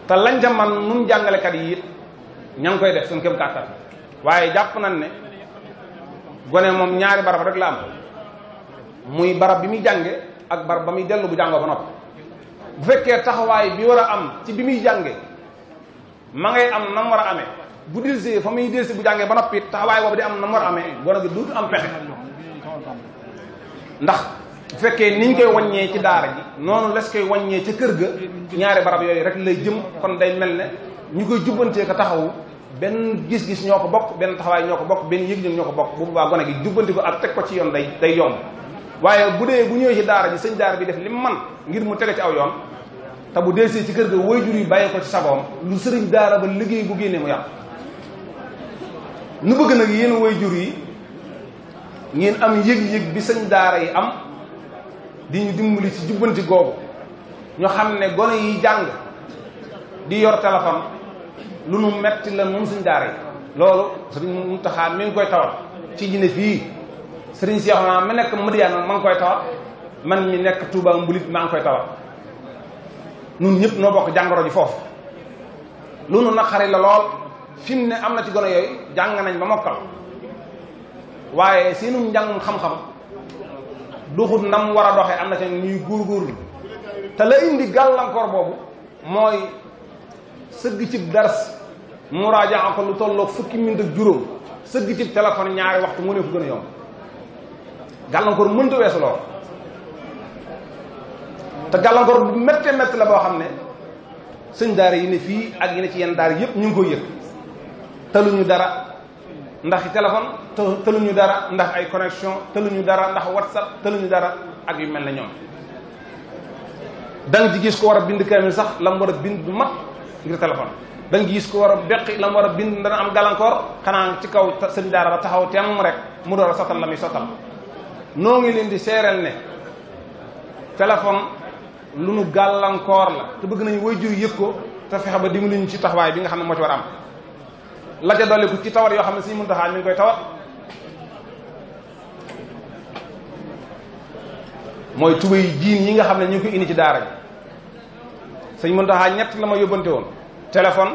Speaker 5: te lañ ca man nun jàngalekat yi it ña ngi koy def suñ kem kàttan waaye jàpp nañ ne gone moom ñaari barab rek la am muy barab bi muy jànge ak barab ba muy dellu bu jàngoo ba noppi bu fekkee taxawaay bi war a am ci bi muy jànge ma ngay am nam war a amee bu dellusee fa muy dellusi bu jàngee ba noppi taxawaay boobu de am nam war a amee gone gi duutu am pexe ndax bu fekkee niñ koy wàññee ci daara ji noonu les koy wàññee ca kër ga ñaari barab yooyu rek lay jëm kon day mel ne ñu koy jubbantee ko taxawu benn gis-gis ñoo ko bokk benn taxawaay ñoo ko bokk benn yëg-yëg ñoo ko bokk bu boobaa gone gi jubbanti ko ak teg ko ci yoon day day yomb waaye bu dee bu ñëwee ci daara ji sëñ daara bi def li mu man ngir mu tege ci aw yoon te bu delsee ci kër ga waajur yi bàyyi ko ci sagoom lu sëriñ daara ba liggéey bu génnee mu yàqu nu bëgg nag yéen waajur yi ngeen am yëg yéeg bi sëñ daara yi am di ñu dimbali ci jubbanti googu ñu xam ne gone yi jàng di yor téléphone lu nu metti la moom suñ daara yi loolu sëriñ Muntaxa mi ngi koy tawal ci jine fii sëriñ Seex ma nekk Madiyana ma ngi koy tawal man mi nekk Touba Mbulit maa ngi koy tawal nun ñëpp noo bokk jàngoro ji foofu lu nu naqari la lool mu ne am na ci gone yooyu jàng nañ ba mokkal waaye seenum njàngum xam-xam duxut ndam war a doxee am na ci ñuy góorgóorlu te la indi gàllankoor boobu mooy sëgg cib dars muraajaa ko lu tolloog fukki minute ak juróom sëgg cib ñaari waxtu mu ne fu gën a yomb gàllankoor mënta weesu lool te gàllankoor bu méttee métti la boo xam ne sëñ daara yi ne fii ak yi ne ci yenn daara yëpp ñu ngi koy yëg tëluñu dara ndax téléphone ñu dara ndax ay connexion ñu dara ndax whatsapp tëluñu dara ak yu mel na ñoom da nga gis ko war a bind kaamil sax la mu war a bind du mat ngir téléphone da nga gis ko war a beqi la mu war a bind dana am gàllankoor xanaa ci kaw sëñ daara ba taxaw temm rek mu door a sottal la muy sottal noo ngi leen lu nu gàllankoor la te bëgg nañu waajur yëg ko te fexe ba dimbali ñu ci taxawaay bi nga xam ne moo ci war ci tawat yoo xam ne suñu muntaxaa mi ngi koy tawat mooy tubéy jiin yi nga xam ne ñu ngi koy indi ci daara ji sëñ muntaxaa ñett la ma yóbbante woon téléphone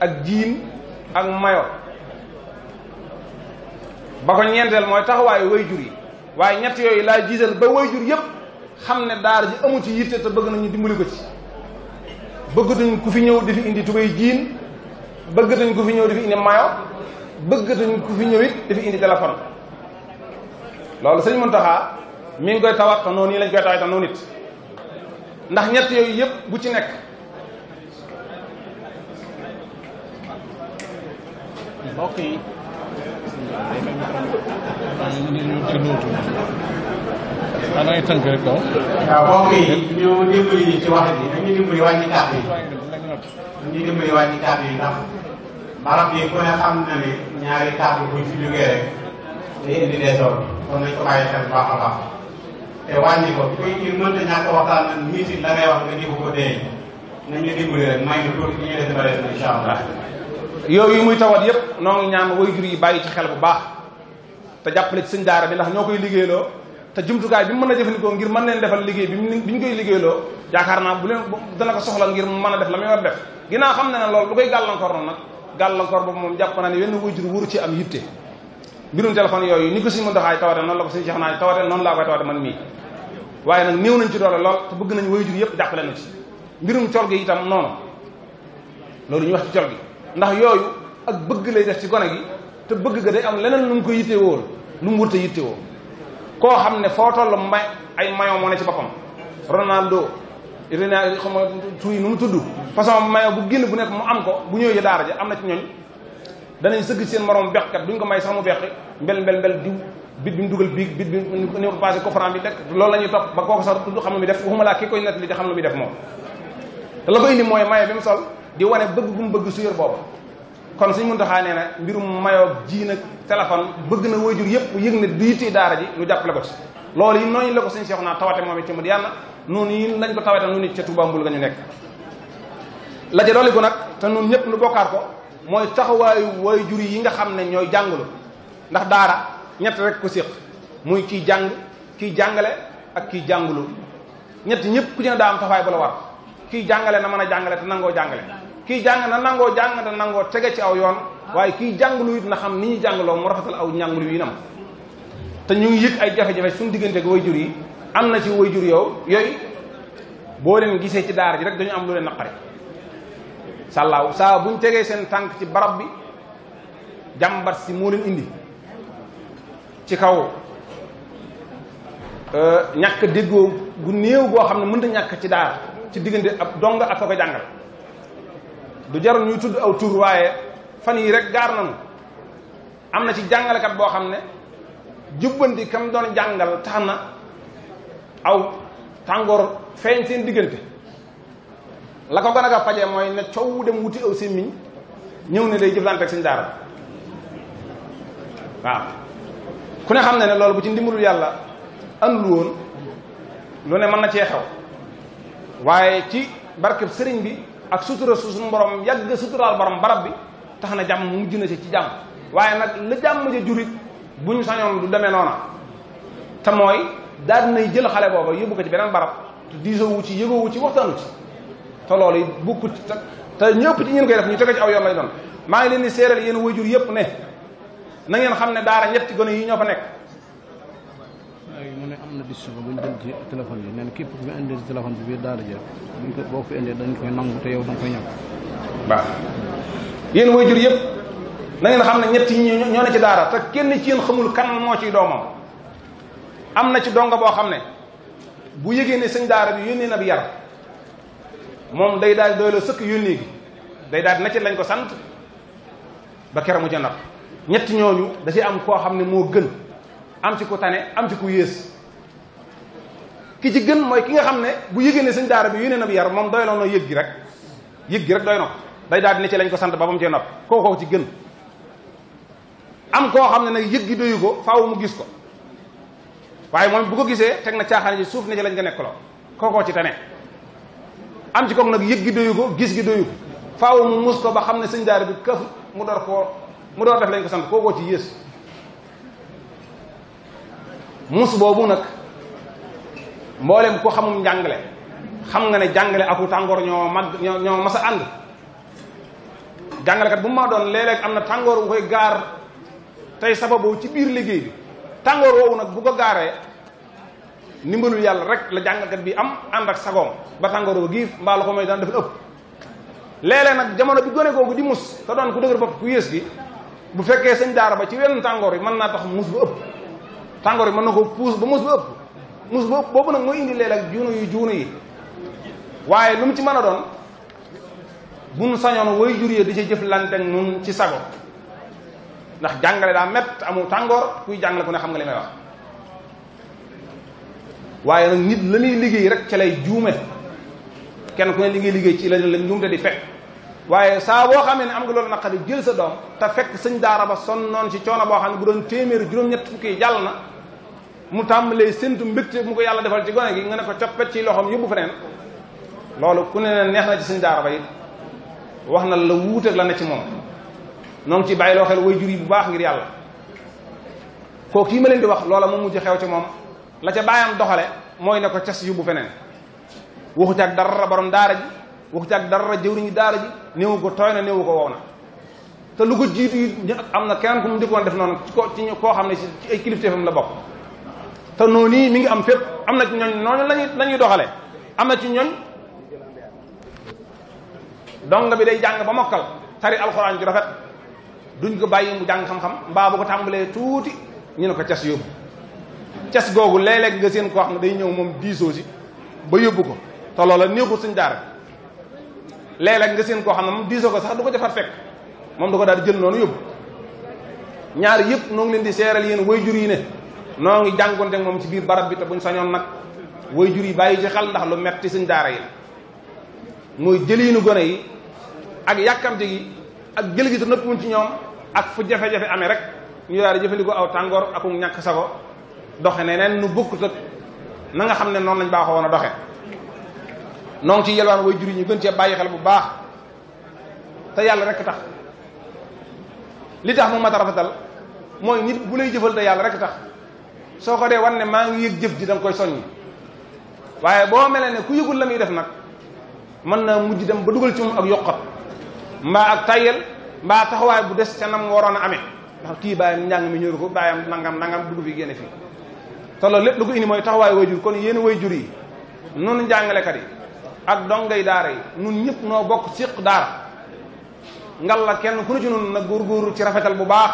Speaker 5: ak jiin ak mayo ba ko ñeenteel mooy taxawaayu jur yi waaye ñett yooyu laa jiisal ba jur yëpp xam ne daar ji amu ci yitte te bëgg nañu dimbali ko ci bëggatuñ ku fi ñëw di indi indi tubéy jiin bëggatuñ ku fi ñëw di fi ku fi ñëw it indi téléphone loolu sëñ Muntaxa mi ngi koy tawat noonu yi lañ koy tawat te noonu it ndax ñett yooyu yëpp bu ci nekk waaw da ngay tënk rek waaw. waaw mbokk yi ñu dimbali ci wax ji ñu dimbali wàññi kàddu
Speaker 1: yi ñu dimbali wàññi kàddu yi ndax barab yi ku ne xam na ne ñaari kàddu buñ fi jógee rek day indi désordre kon nañ ko a baax te wàññi ko kuy ñu mënta ñàkk waxtaan nag ngay wax nga ji ko dee nañ ñu dimbali rek ñu tuuti ñu ba des na incha allah.
Speaker 5: bi ndax ñoo koy liggéeyloo te jumtukaay bi mu mën a jëfandikoo ngir mën leen defal liggéey bi bi ñu koy liggéeyloo yaakaar naa bu leen dana ko soxla ngir mën a def la muy war def ginnaaw xam ne ne loolu lu koy gàllankoor noonu nag gàllankoor boobu moom jàpp naa ne wenn wajur wuru ci am yitte mbirum téléphone yooyu ni ko suñu doxaay tawate noonu la ko suñu jox naa tawate noonu laa koy tawate man mii waaye nag néew nañ ci doole lool te bëgg nañ wajur yëpp jàppale na ci mbirum col gi itam noonu loolu ñu wax ci col gi ndax yooyu ak bëgg lay def ci gone gi te bëgg ga day am leneen lu mu ko yitte wool lu mu wurte yitte woo koo xam ne foo toll may ay maillot moo ne ci boppam Ronaldo Ronaldo xam nga tur yi nu mu tudd façon maillot bu génn bu nekk mu am ko bu ñëwee daara ja am na ci ñooñ danañ sëgg seen morom beqkat duñ ko may sax mu beq mbel mbel mbel diw bit bi mu dugal bii bit bi ni ko passé coffran bi dekk loolu la ñuy topp ba kooku sax tudd xam lu muy def waxuma laa koy nett li te xam lu muy def moom te la ko indi mooy maillot bi mu sol di wane bëgg bu mu bëgg suyër boobu kon suñ Muntaxa nee na mbirum mayoog ji nag téléphone bëgg na waajur yëpp yëg ne du yitti daara ji ñu jàppale ko ci loolu yi noonu la ko suñ Seex naa tawate moom it ci mut yàlla yi lañ ko tawate noonu it ca Tuubaa ñu nekk la ko nag te noonu ñëpp nu bokkaat ko mooy taxawaayu waajur yi nga xam ne ñooy jàngulu ndax daara ñett rek ko muy kiy jàng kiy jàngale ak kiy jàngulu ñett ñëpp ku ci daa am taxawaay bu la war kiy jàngale na mën a jàngale te nangoo jàngale kii jàng na nangoo jàng na nangoo tege ci aw yoon waaye kii jànglu it na xam ni ñuy jàngloo mu rafetal aw njànglu yi nam te ñu ngi yëg ay jafe-jafe suñu diggante ak wayjur yi am na ci jur yow yooyu boo leen gisee ci daara ji rek dañu am lu leen naqari sàllaaw saa buñ tegee seen tànk ci barab bi jàmbat si moo leen indi ci kaw euh, ñàkk déggoo gu néew goo xam ne mënta ñàkk ci daara ci diggante ab dong ak ko ko jàngal du jarul ñuy tudd aw tur waaye fan yii rek gaar nañu am na ci jàngalekat boo xam ne jubbanti kam doon jàngal tax na aw tàngoor feeñ seen diggante la ko gën a fajee mooy ne coow dem wuti aw sémmiñ ñëw ne lay jëflante ak seen waaw ku ne xam ne ne loolu bu ci ndimbalul yàlla andul woon lu ne mën na cee waaye ci barkeb sëriñ bi ak sutura su suñu borom yàgg suturaal borom barab bi tax na jàmm mujj na ci ci jàmm waaye nag la jàmm ja jurit bu ñu sañoon du demee noona te mooy daal dinay jël xale booba yóbbu ko ci beneen barab te diisoowu ci yëgoowu ci waxtaanu ci te loolu it bokkut ci te ñëpp ci ñeen koy def ñu tege ci aw yoon lay doon maa ngi leen di séeral yéen wayjur yëpp ne na ngeen xam ne daara ñetti gone yi ñoo fa nekk décision bu ñu jël ci téléphone bi nee na képp ku fi indee ci téléphone bi biir daara ji ko boo ko fi indee dañ koy nangu te yow da koy yéen way jur yëpp na xam ne ñett yi ñoo ne ci daara te kenn ci yéen xamul kan moo ciy doomam na ci donga boo xam ne bu yëgee ne sëñ daara bi yónnee na bi yar moom day daal doy la sëkk yónnee day daal na lañ ko sant ba keroog mu ca nag ñett ñooñu da ci am koo xam ne moo gën am ci ku tane am ci ku yées ki ci gën mooy ki nga xam ne bu yëgee ne sëñ daara bi yónnee na bi yar moom doy na noo gi rek yëg gi rek doy na day daal di ne ci lañ ko sant ba bam cee noppi ci gën am koo xam ne nag yëg gi doyu ko faaw mu gis ko waaye moom bu ko gisee teg na caaxaan ji suuf ne lañ ko nekk loo kookoo ci tane am ci kook nag yëg gi doyu ko gis gi doyu ko faaw mu mus ko ba xam ne sëñ daara bi këf mu door koo mu door def lañ ko sant kookoo ci yées mus boobu nag mboolem ku xamum njàngale xam nga ne jàngale aku tàngoor ñoo mag ñoo ñoo mas a ànd jàngalekat bu mu ma doon léeg-léeg am na tàngoor bu koy gaar tey sababoo ci biir liggéey bi tàngoor woowu nag bu ko gaaree ndimbalul yàlla rek la jàngalekat bi am ànd ak sagoom ba tàngoor ba giif mbaa la ko may daan dafa ëpp léeg nag jamono bi gone googu di mus te doon ku dëgër bopp ku yées gi bu fekkee sëñ daara ba ci wenn tàngoor yi mën naa tax mus bu ëpp tàngoor yi mën na ko puus ba mus bu mus boobu nag mooy indi léeg-léeg juunu yu juunu yi waaye lu mu ci mën a doon buñ sañoon way jur yi di ci jëflanteeg nun ci sago ndax jàngale daa mett amu tàngoor kuy jàngale ku ne xam nga li may waaye nag nit la muy liggéey rek ca lay juume kenn ku ne li ngay liggéey ci la la njuumte di fekk waaye saa boo xamee ne am nga loolu naqari jël sa doom te fekk sëñ daara ba sonnoon ci coono boo xam ne bu doon téeméeri juróom-ñett fukki jàll na mu tàmbalee séntu mbégte mu ko yàlla defal ci gone gi nga ne ko coppet ci loxoom yóbbu feneen loolu ku ne neex na ci sëñ daara ba it wax na la wuuteeg la ne ci moom noo ngi ci bàyyi loo xel way jur yi bu baax ngir yàlla kooku yi ma leen di wax loola mu mujj xew ci moom la ca bàyyam doxale mooy ne ko cas yóbbu feneen waxu ci ak dara borom daara ji waxu ak dara jëwriñu daara ji néewu ko tooy na néewu ko wow na te lu ko jiitu am na keneen ku mu dikkoon def noonu ci koo xam ne ci ay kilifteefam la bokk te noonu yi mi ngi am fépp am na ci ñooñ noonu lañuy la ñuy doxale am na ci ñooñ dong bi day jàng ba mokkal tari alxuraan ju rafet duñ ko bàyyi mu jàng xam-xam mbaa bu ko tàmbalee tuuti ñu ne ko cas yóbbu cas googu léeg nga seen koo xam ne day ñëw moom diisoo si ba yóbbu ko te loola néexul suñ daara léeg nga seen koo xam ne moom diisoo ko sax du ko defar fekk moom da ko daal di jël noonu yóbbu ñaar yëpp noo ngi leen di seeral yéen way jur yi ne noo ngi jàngonte moom ci biir barab bi te buñ sañoon nag way jur yi bàyyi ci xel ndax lu metti suñ daara yi mooy jëliinu gone yi ak yàkkamte gi ak jël gi te nëppuñ ci ñoom ak fu jafe-jafe amee rek ñu daal di jëfandikoo aw tàngoor ak ñàkk sago doxe neneen nu bukkut ak na nga xam ne noonu lañ baaxoo woon a doxe noo ngi ci yelwaan way jur yi ñu gën cee bàyyi xel bu baax te yàlla rek tax li tax mu mat a rafetal mooy nit bu lay jëfal te yàlla rek soo ko dee wan ne maa ngi yëg jëf ji da koy soññi waaye boo mele ne ku yëgul la muy def nag mën naa mujj dem ba dugal ci moom ak yokkat mbaa ak tayel mbaa taxawaay bu des ca nam waroon a amee ndax kii bàyyam njàng mi ñëru ko bàyyam nangam nangam dugg fi génne fii te loolu lépp lu ko indi mooy taxawaay wayjur kon yéen wayjur yi nun njàngalekat yi ak dongay daara yi nun ñëpp noo bokk siq daara ngal la kenn ku ne ci nun nag góorgóorlu ci rafetal bu baax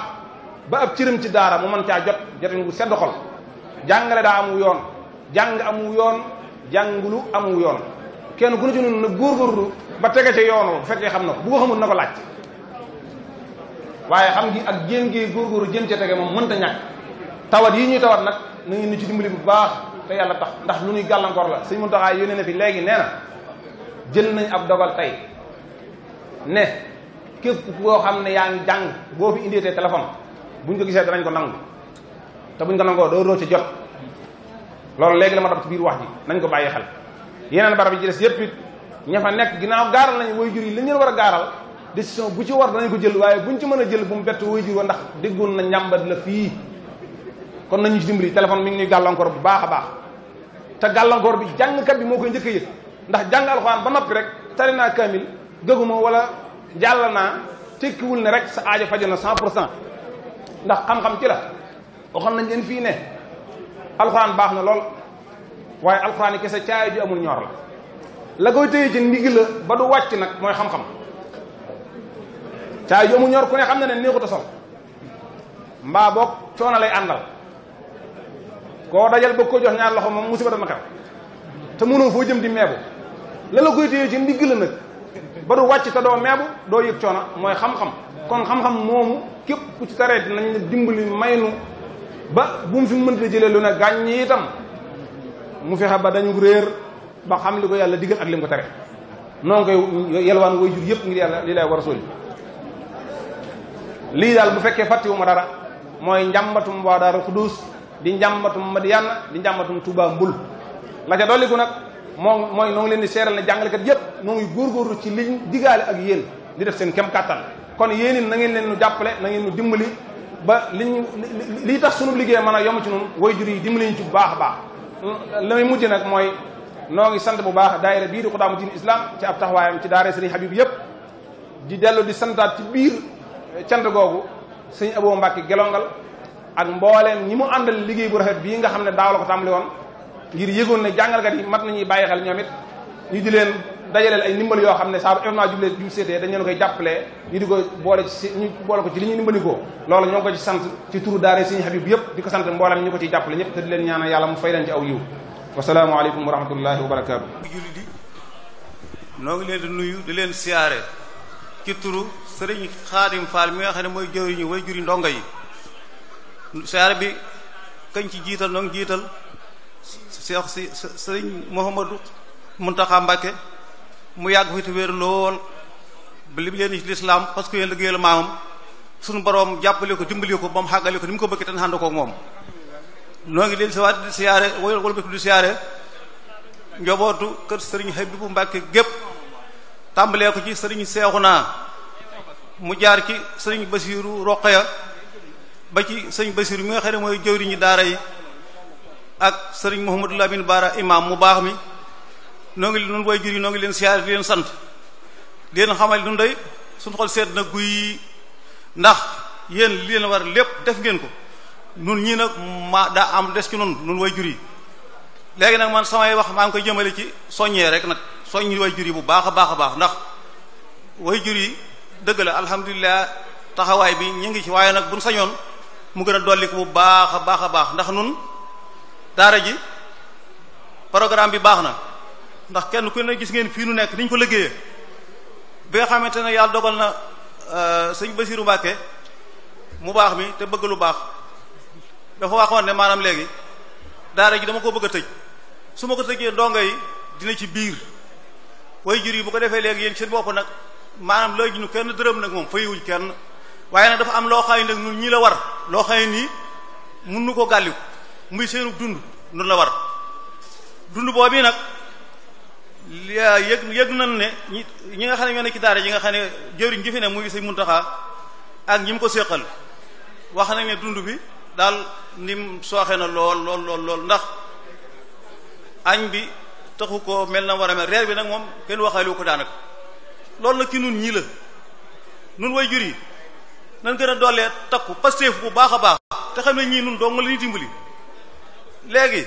Speaker 5: ba ab cëram ci daara mu mën caa jot jotin gu sedd xol jàngale daa amul yoon jàng amu yoon jàngulu amu yoon kenn ku ne ci ñun nag góorgóorlu ba tege ca yoon bu fekkee xam na ko bu ko xamul na ko laaj waaye xam ngi ak jéem gi góorgóorlu jëm ca tege moom mënta ñàkk tawat yi ñuy tawat nag na ngeen ni ci dimbali bu baax te yàlla tax ndax lu ñuy gàllankoor la sëñ Muntaxa ne na fi léegi nee na jël nañ ab dogal tey ne képp koo xam ne yaa ngi jàng boo fi indee téléphone buñ ko gisee danañ ko nangu te buñ ko nangoo doo roo ci jot loolu léegi la ma dab ci biir wax ji nañ ko bàyyi xel yeneen barab yi ci des yépp it ña fa nekk ginnaaw gaaral nañ way jur yi li ñu war a gaaral décision bu ci war danañ ko jël waaye buñ ci mën a jël bu mu bett way jur wa ndax déggoon na njàmbat la fii kon nañu ci dimbali téléphone mi ngi ñuy gàllankoor bu baax baax te gàllankoor bi jàngkat bi moo koy njëkk yëg ndax jàng alxuraan ba noppi rek tari naa kaamil gëguma wala jàll naa tekkiwul ne rek sa aajo fajo na cent pour waxoon nañ leen fii ne alxuraan baax na lool waaye alxuraan yi kese caaya ju amul ñor la la koy téye ci ndigg la ba du wàcc nag mooy xam-xam caaya ñor ku ne na ne néexut a sol mbaa boog coono lay àndal koo dajal ba ko jox ñaar loxo moom musiba dama te mënoo foo jëm di meebu la la koy téye ci ndigg nag ba wàcc te doo meebu doo yëg mooy xam kon xam-xam moomu képp ku ci na dinañ dimbali may nu ba bu mu fi mënta jëlee lu ne gàññ itam mu fexe ba dañ dañu réer ba xam li ko yàlla digal ak li ko tere noonu koy yelwaan way jur yëpp ngir yàlla lii lay war a sóoli lii daal bu fekkee fàttiwu ma dara mooy njàmbatum waa Daaru Xuduus di njàmbatum Madiyana di njàmbatum Tuubaa Mbul la ca dolliku nag moom mooy noo ngi leen di seeral ne jàngalekat yëpp noo ngi góorgóorlu ci liñ digaale ak yéen di def seen kem kàttan kon yéen it na ngeen leen nu jàppale na ngeen ba liñ lii tax sunu liggéey mën a yomb ci nun way jur yi dimbali ñu ci bu baax baax la mu mujj nag mooy noo ngi sant bu baax daayira bii di Xudaamul Diin Islam ci ab taxawaayam ci daara Sëriñ Habib yëpp di dellu di santaat ci biir cant googu sëñ Aboo Mbàkke gelongal ak mbooleen ñi mu àndal liggéey bu rafet bii nga xam ne daaw la ko tàmbali woon ngir yëgoon ne jàngalkat yi mat nañuy bàyyi xel ñoom ñu di leen dajaleel ay ndimbal yoo xam ne saa bu événement juble jub seetee dañ leen koy jàppale ñu di ko boole ci ñu boole ko ci li ñuy ndimbalikoo loolu ñoo ko ci sant ci turu daare Sëriñ Habib yëpp di ko sant mboolem ñu ko ciy jàppale ñëpp te di leen ñaanal yàlla mu fay leen ci aw
Speaker 6: noo ngi leen di di leen siyaare ci turu sëriñ mi nga xam ne mooy jëwriñu way juri ndongo yi siyaare bi kañ ci jiital noo ngi jiital seex si sëriñ Mouhamadou Mbàkke mu yàgg fi te wér lool ba li mu leen lislaam parce que yéen liggéeyal maamam suñu borom jàppale ko dimbali ko ba mu xàggale ko ni mu ko bëgg te ànd ko moom. noo ngi leen si waat di siyaare wala wala di siyaare njobootu kër Serigne Habibou Mbacke gépp tàmbalee ko ci Serigne Cheikhouna mu jaar ci Serigne Bassirou Rokhaya ba ci Serigne Bassirou mi nga xam ne mooy jëwriñu daara yi ak sëriñ Mouhamadou Lamine Bara imam mu baax mi. noo ngi nun booy ngi leen siyaar leen sant leen xamal nun day suñ xol seet na guy ndax yéen li leen war lépp def ngeen ko nun ñii nag ma daa am des ci nun nun way jur yi léegi nag man samay wax maa ngi koy jëmale ci soññee rek nag soññ way jur yi bu baax a baax a baax ndax way jur yi dëgg la alhamdulilah taxawaay bi ñu ngi ci waaye nag buñ sañoon mu gën a dolli ko bu baax a baax a baax ndax nun daara ji programme bi baax na ndax kenn ku ne gis ngeen fii nu nekk ni ko liggéeyee bi nga xamante ne yàlla dogal na euh, sëñ Basiiru Mbàkke mu baax mi te bëgg lu baax dafa waxoon ne maanaam léegi daara ji dama ko bëgg a tëj su ma ko tëjee dongo yi dina ci biir way jur yi bu ko defee léegi yéen seen bopp nag maanaam léegi ñu kenn dërëm nag moom fayewuñ kenn waaye nag dafa am loo xam ne nag ñun ñii la war loo xam ne nii mun nu ko gàlliku muy seenu dund nun la war dund boobu nag yaa yëg yëg nañ ne ñi ñi nga xam ne ñoo ne ci yi ji nga xam ne jëriñ ji fi ne muy Sëriñ Muntaxa ak ñi mu ko séqal wax nañ ne dund bi daal nim sooxe na lool lool lool ndax añ bi taxu ko mel na war a mel reer bi nag moom kenn waxaale ko daanaka loolu nag ci nun ñii la nun way jur yi nan gën a doolee takku pasteef bu baax a baax te xam ne ñii nun doom la ñuy dimbali léegi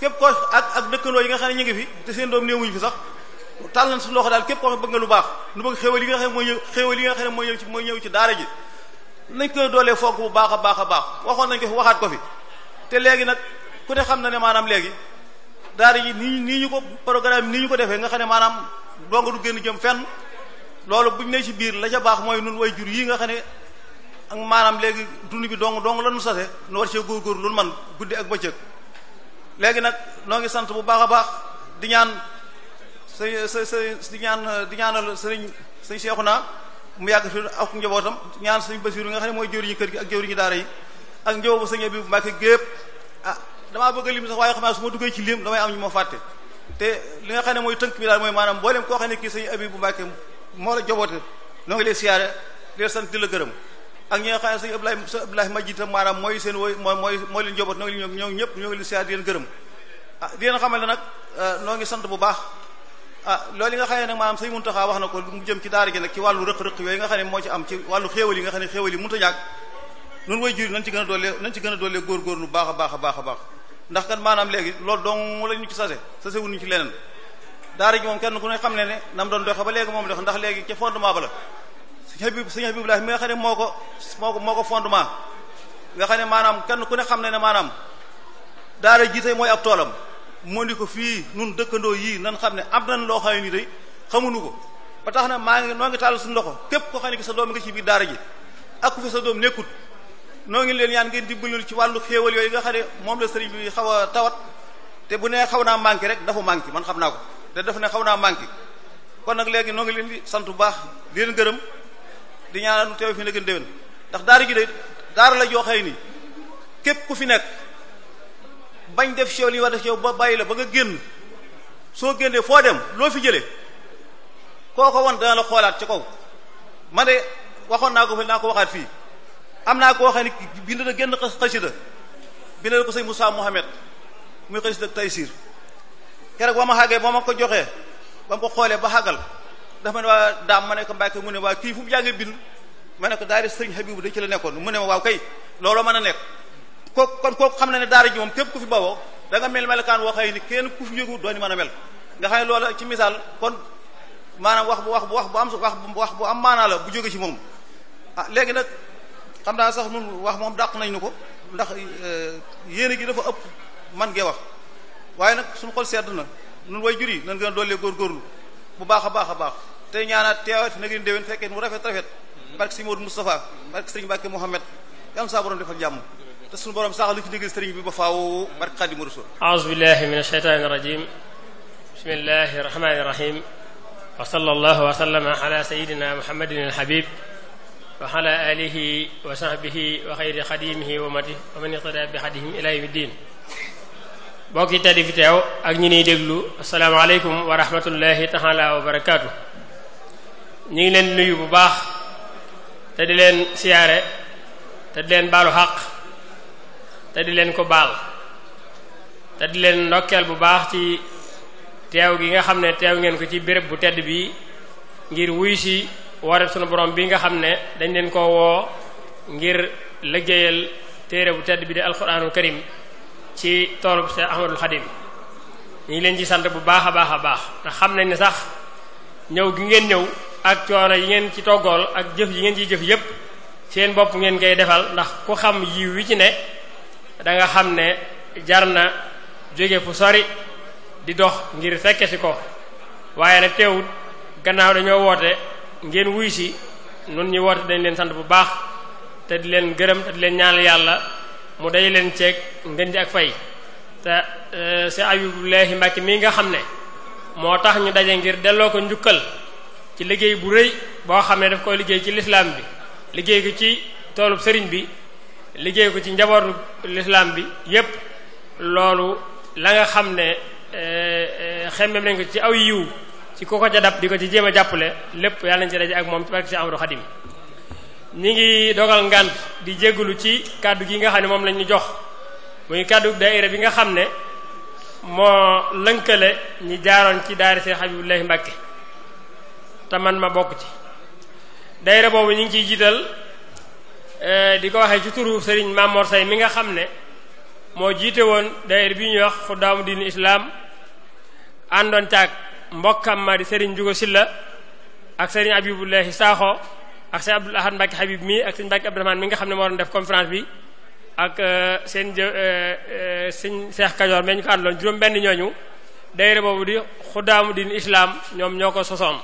Speaker 6: képp koo ak ak dëkkandoo yi nga xam ne ñu ngi fi te seen doom néewuñu fi sax tàll na su loxo daal képp ko xam bëgg nga lu baax nu bëgg xéewal yi nga xam ne mooy ñëw xéewal yi nga xam ne mooy ji nañ koy doolee fonk bu baax a baax a baax waxoon nañ ko waxaat ko fi te léegi nag ku ne xam na ne maanaam léegi daara ji nii nii ñu ko programme nii ñu ko defee nga xam ne maanaam donga du génn jëm fenn loolu ñu ne ci biir la ca baax mooy nun way jur yi nga xam ne ak maanaam léegi dund bi dong dong la nu sase nu war cee góorgóor lu man guddi ak bëccëg léegi nag noo ngi sant bu baax a baax di ñaan sa sa sa di ñaan di ñaanal sëriñ sëriñ naa mu yàgg fi ak njabootam ñaan sëriñ Basiiru nga xam ne mooy jëwriñu kër gi ak jëwriñu daara yi ak njabootu sëriñ bi Mbàkke gépp ah damaa bëgg lim sax xam naa su ma duggee ci lim damay am ñu fàtte te li nga xam ne mooy tënk bi daal mooy maanaam mboolem koo xam ne kii sëriñ Abibu Mbàkke moo la joboote noo ngi lay siyaare di sant di la gërëm ak ñi nga xam ne sëñ Abdoulaye sëñ Abdoulaye Majid tam maanaam mooy seen wooy mooy leen njaboot noo ngi leen ñoo ñëpp ñoo leen siyaar di leen gërëm ah di leen xamal ah, sant bu baax ah loolu xam ne nag maanaam sëñ Muntaxa wax na ko mu jëm ci daara ji nag ci wàllu rëq-rëq yooyu moo ci am ci wàllu xéewal yi nga xam ne xéewal yi mënut a ci a doolee nañ ci gën a doolee góorgóorlu baax a baax a baax a leneen daara ji moom kenn ku ne xam ne ne nam doon doxe ba léegi moom dox ndax léegi ca fondement ba la suñu Habib suñu Habib Ibrahima mi nga xam ne moo ko moo ko moo ko fondement nga xam ne maanaam kenn ku ne xam ne ne maanaam daara ji tey mooy ab toolam moo di ko fii nun dëkkandoo yii nan xam ne am nan loo xam ne ni tey xamuñu ko ba tax na maa ngi noo ngi tàll suñu loxo képp ko xam ne ki sa doom nga ci biir daara ji ak ku sa doom nekkut noo ngi leen yaan ngeen dimbalul ci wàllu xéewal yooyu nga xam ne moom la sëriñ bi xaw a tawat te bu nee xaw naa manqué rek dafa manqué man xam naa ko te daf ne xaw naa manqué kon nag léegi noo ngi leen di sant bu baax di leen gërëm di ñaanal nu teew fi na gën déwén ndax daara ji de daara la jooxee ni képp ku fi nekk bañ def sew li war def sew ba bàyyi la ba nga génn soo génnee foo dem loo fi jëlee koo ko won dana la xoolaat ci kaw ma de waxoon naa ko fi naa ko waxaat fii am naa ko waxee ni bind na génn xasida bind na ko sëñ Moussa Mohamed muy xasida Taysiir keroog ba ma xàggee ba ma ko joxee ba ma ko xoolee ba xàggal dafa waa daam ma nekk ko Mbàkke mu ne waa kii fu mu jàngee bind ma ne ko daara sëriñ Habibu da ci la nekkoon mu ne ma waaw kay looloo mën a nekk kooku kon kooku xam na ne daara ji moom képp ku fi bawoo da nga mel melekaan woo xëy ni kenn ku fi yëgu doon mën a mel nga xam ne loola ci misaal kon maanaam wax bu wax bu wax bu am wax wax bu am maanaa la bu jóge ci moom ah léegi nag xam naa sax nun wax moom dàq nañ nu ko ndax euh, yéene gi dafa ëpp man ngee wax waaye nag suñu xol sedd na nun way jur yi nan gën a doollee góorgóorlu bu baax a a baax tey ñaanaat teewaat na ngeen déwén fekkee mu rafet rafet barke sëriñ Modou Moustapha barke sëriñ Mbacke Mouhamed yàlla saa borom defal jàmm te suñu borom sax lu ci dégg sëriñ bi ba faaw barke Xaadimu Rasuul
Speaker 2: a'uuzu billahi minash shaytaanir rajiim bismillahir rahmaanir rahiim wa sallallahu wa sallama ala sayyidina muhammadin al-habib wa ala alihi wa sahbihi wa xayri xadimihi wa mati wa man iqtada bi xadihim ila yawmi din bokki tadi fi teew ak ñi niy déglu ñu ngi leen nuyu bu baax te di leen siyaare te di leen baalu xaq te di leen ko baal te di leen ndokkeel bu baax ci teew gi nga xam ne teew ngeen ko ci béréb bu tedd bii ngir wuyu si waret sunu borom bi nga xam ne dañ leen ko woo ngir liggéeyal téere bu tedd bi di alxuraanul karim ci toolub Seex Ahmadul Xadim ñu ngi leen ci sant bu baax a baax a baax te xam nañ ne sax ñëw gi ngeen ñëw ak coono yi ngeen ci toggool ak jëf yi ngeen ciy jëf yépp seen bopp ngeen koy defal ndax ku xam yiw wi ci ne danga xam ne jar na jóge fu sori di dox ngir fekke si ko waaye nag teewut gannaaw dañoo woote ngeen wuy si nun ñi woote dañ leen sant bu baax te di leen gërëm te di leen ñaanal yàlla mu day leen ceeg ngën ji ak fay te si eh, ayubu leexi mbàkki mi nga xam ne moo tax ñu daje ngir delloo ko njukkal ci liggéey bu rëy boo xam ne daf koy liggéey ci lislaam bi liggéey ko ci toolub sëriñ bi liggéey ko ci njabootu lislaam bi yépp loolu la nga xam ne eh, eh, xemmem nañ ko ci aw yiw ci ku ko ca dab di ko ci jéem a jàppale lépp yàlla nañ ci daje ak moom ci barke si Amadou Xadim ñi ngi dogal ngant di jégalu ci kàddu gi nga xam ne moom lañ ñu jox muy kàddu daayira bi nga xam ne moo lënkale ñi jaaroon ci daara Seex Habibullahi Mbàkke te man ma bokk ci dayra boobu ñu ngi ciy jiital eh, di ko waxee ci turu Serigne Mamor Say mi nga xam ne moo jiite woon dayra bi ñuy wax xuddaamu diinu islaam àndoon caag mbokkam ma di sëriñ Jugo Silla ak Serigne Abibullahi Saaxo ak Serigne Abdul Ahad Mbacke Habib mi ak Serigne Mbacke Abdourahmane mi nga xam ne moo doon def conférence bi ak eh, seen sëñ eh, Seex Kajoor mais ñu ko àndaloon juróom benn ñooñu dayra boobu di xuddaamu diinu islaam ñoom ñoo ko sosoon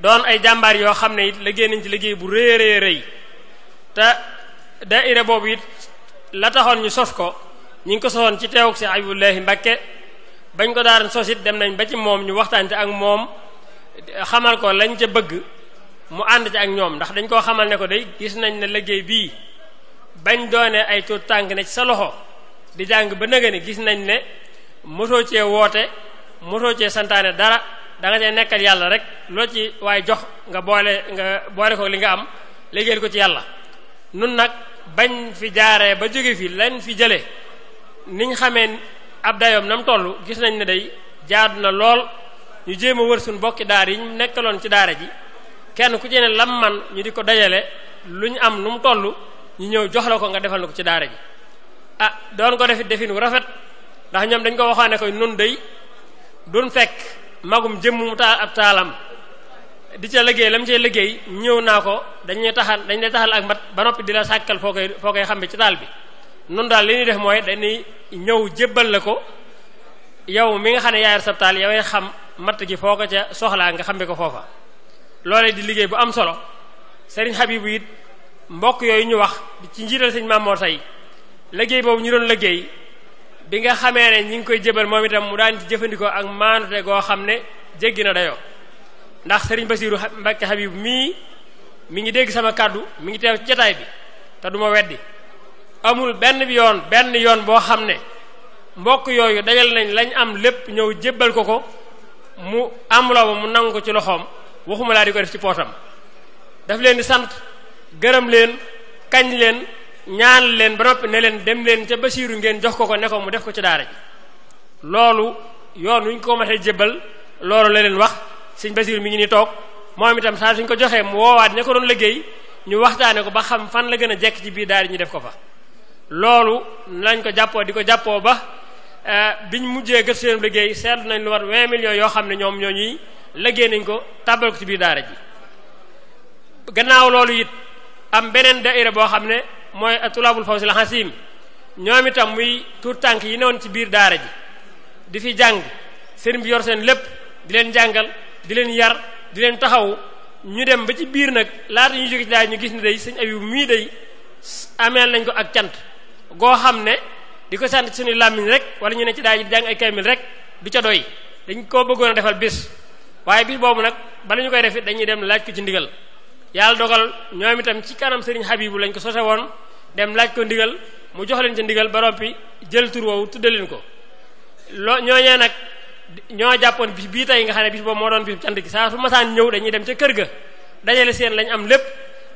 Speaker 2: doon ay jàmbaar yoo xam ne it liggéey nañ ci liggéey bu rëy rëy rëy te daayira boobu it la taxoon ñu sos ko ñu ngi ko sosoon ci teewug si Abibullahi Mbakke bañ ko daan sos it dem nañ ba ci moom ñu waxtaan ci ak moom xamal ko lañ ca bëgg mu ànd ci ak ñoom ndax dañ koo xamal ne ko day gis nañ ne liggéey bii bañ doone ay tuut tànk ne ci sa loxo di jàng ba nëgë gis nañ ne mosoo cee woote mosoo cee santaane dara da nga cee nekkal yàlla rek loo ci waaye jox nga boole nga boole ko li nga am liggéeyal ko ci yàlla nun nag bañ fi jaaree ba jóge fi len fi jële niñ xamee ab dayoom nam toll gis nañ ne day jaadu na lool ñu jéem a wër suñ bokki daar yi ñu nekkaloon ci daara ji kenn ku ci ne lam man ñu di ko dajale lu ñu am nu mu toll ñu ñëw jox la ko nga defal na ko ci daara ji ah doon ko defit defin wu rafet ndax ñoom dañ ko waxoon ne nun day duñ fekk magum jëmm mu taal ab taalam di ca liggéey la mu cay liggéey ñëw naa ko dañuy taxal dañ lay taxal ak mat ba noppi di la sàkkal foo koy foo koy xambe ci taal bi noonu daal li ñuy def mooy dañuy ñëw jébbal la ko yow mi nga xam ne yaayar sab taal yoway xam matt gi foo ko ca soxlaa nga xambe ko foofa loolee di liggéey bu am solo sëriñ Habibu it mbokk yooyu ñu wax ci njiital sëñ Mamoor Say liggéey boobu ñu doon liggéey bi nga xamee ne ñi ngi koy jébal moom itam mu daan ci jëfandikoo ak maanute goo xam ne jéggi na dayoo ndax sëriñ Basiiru Mbàkke Habib mii mi ngi dégg sama kàddu mi ngi teew ci jataay bi te du ma weddi amul benn yoon benn yoon boo xam ne mbokk yooyu dajal nañ lañ am lépp ñëw jébbal ko ko mu am looba mu nangu ko ci loxoom waxuma laa di ko def ci pootam daf leen di sant gërëm leen kañ leen ñaan leen ba noppi ne leen dem leen ca Basiiru ngeen jox ko ko ne ko mu def ko ci daara ji loolu yoon wi ñu ko matee jébbal loolu la leen wax sëñ Basiiru mi ngi ni toog moom itam saa suñ ko joxee mu woowaat ne ko doon liggéey ñu waxtaane ko ba xam fan la gën a jekk ci biir daara ji ñu def ko fa loolu lañ ko jàppoo di ko jàppoo ba eh, biñ mujjee gëstu seen liggéey seetlu nañ lu war 20 millions yoo xam ne ñoom ñoo ñuy liggéey nañ ko tàbbal ko ci biir mooy atulaabul fawsil xasim ñoom itam muy tuur tànk yi newoon ci biir daara ji di fi jàng sëriñ bi yor seen lépp di leen jàngal di leen yar di leen taxaw ñu dem ba ci biir nag laata ñu jóge ci daara ñu gis ni day sëñ Abibu mii day nañ ko ak cant goo xam ne di ko sant ci suñu làmmiñ rek wala ñu ne ci daara ji di jàng ay kaymil rek du ca doy dañ ko bëggoon defal bis waaye bis boobu nag bala ñu koy def it dañuy dem laaj ko ci ndigal yàlla dogal ñoom itam ci kanam sëriñ Habibu lañ ko sose woon dem laaj ko ndigal mu jox leen ci ndigal ba noppi jël tur woowu tudde leen ko loo ñooñee nag ñoo jàppoon bi bii tey nga xam ne bis boobu moo doon bis cant gi saa su masaan ñëw dañuy dem ca kër ga dajale seen lañ am lépp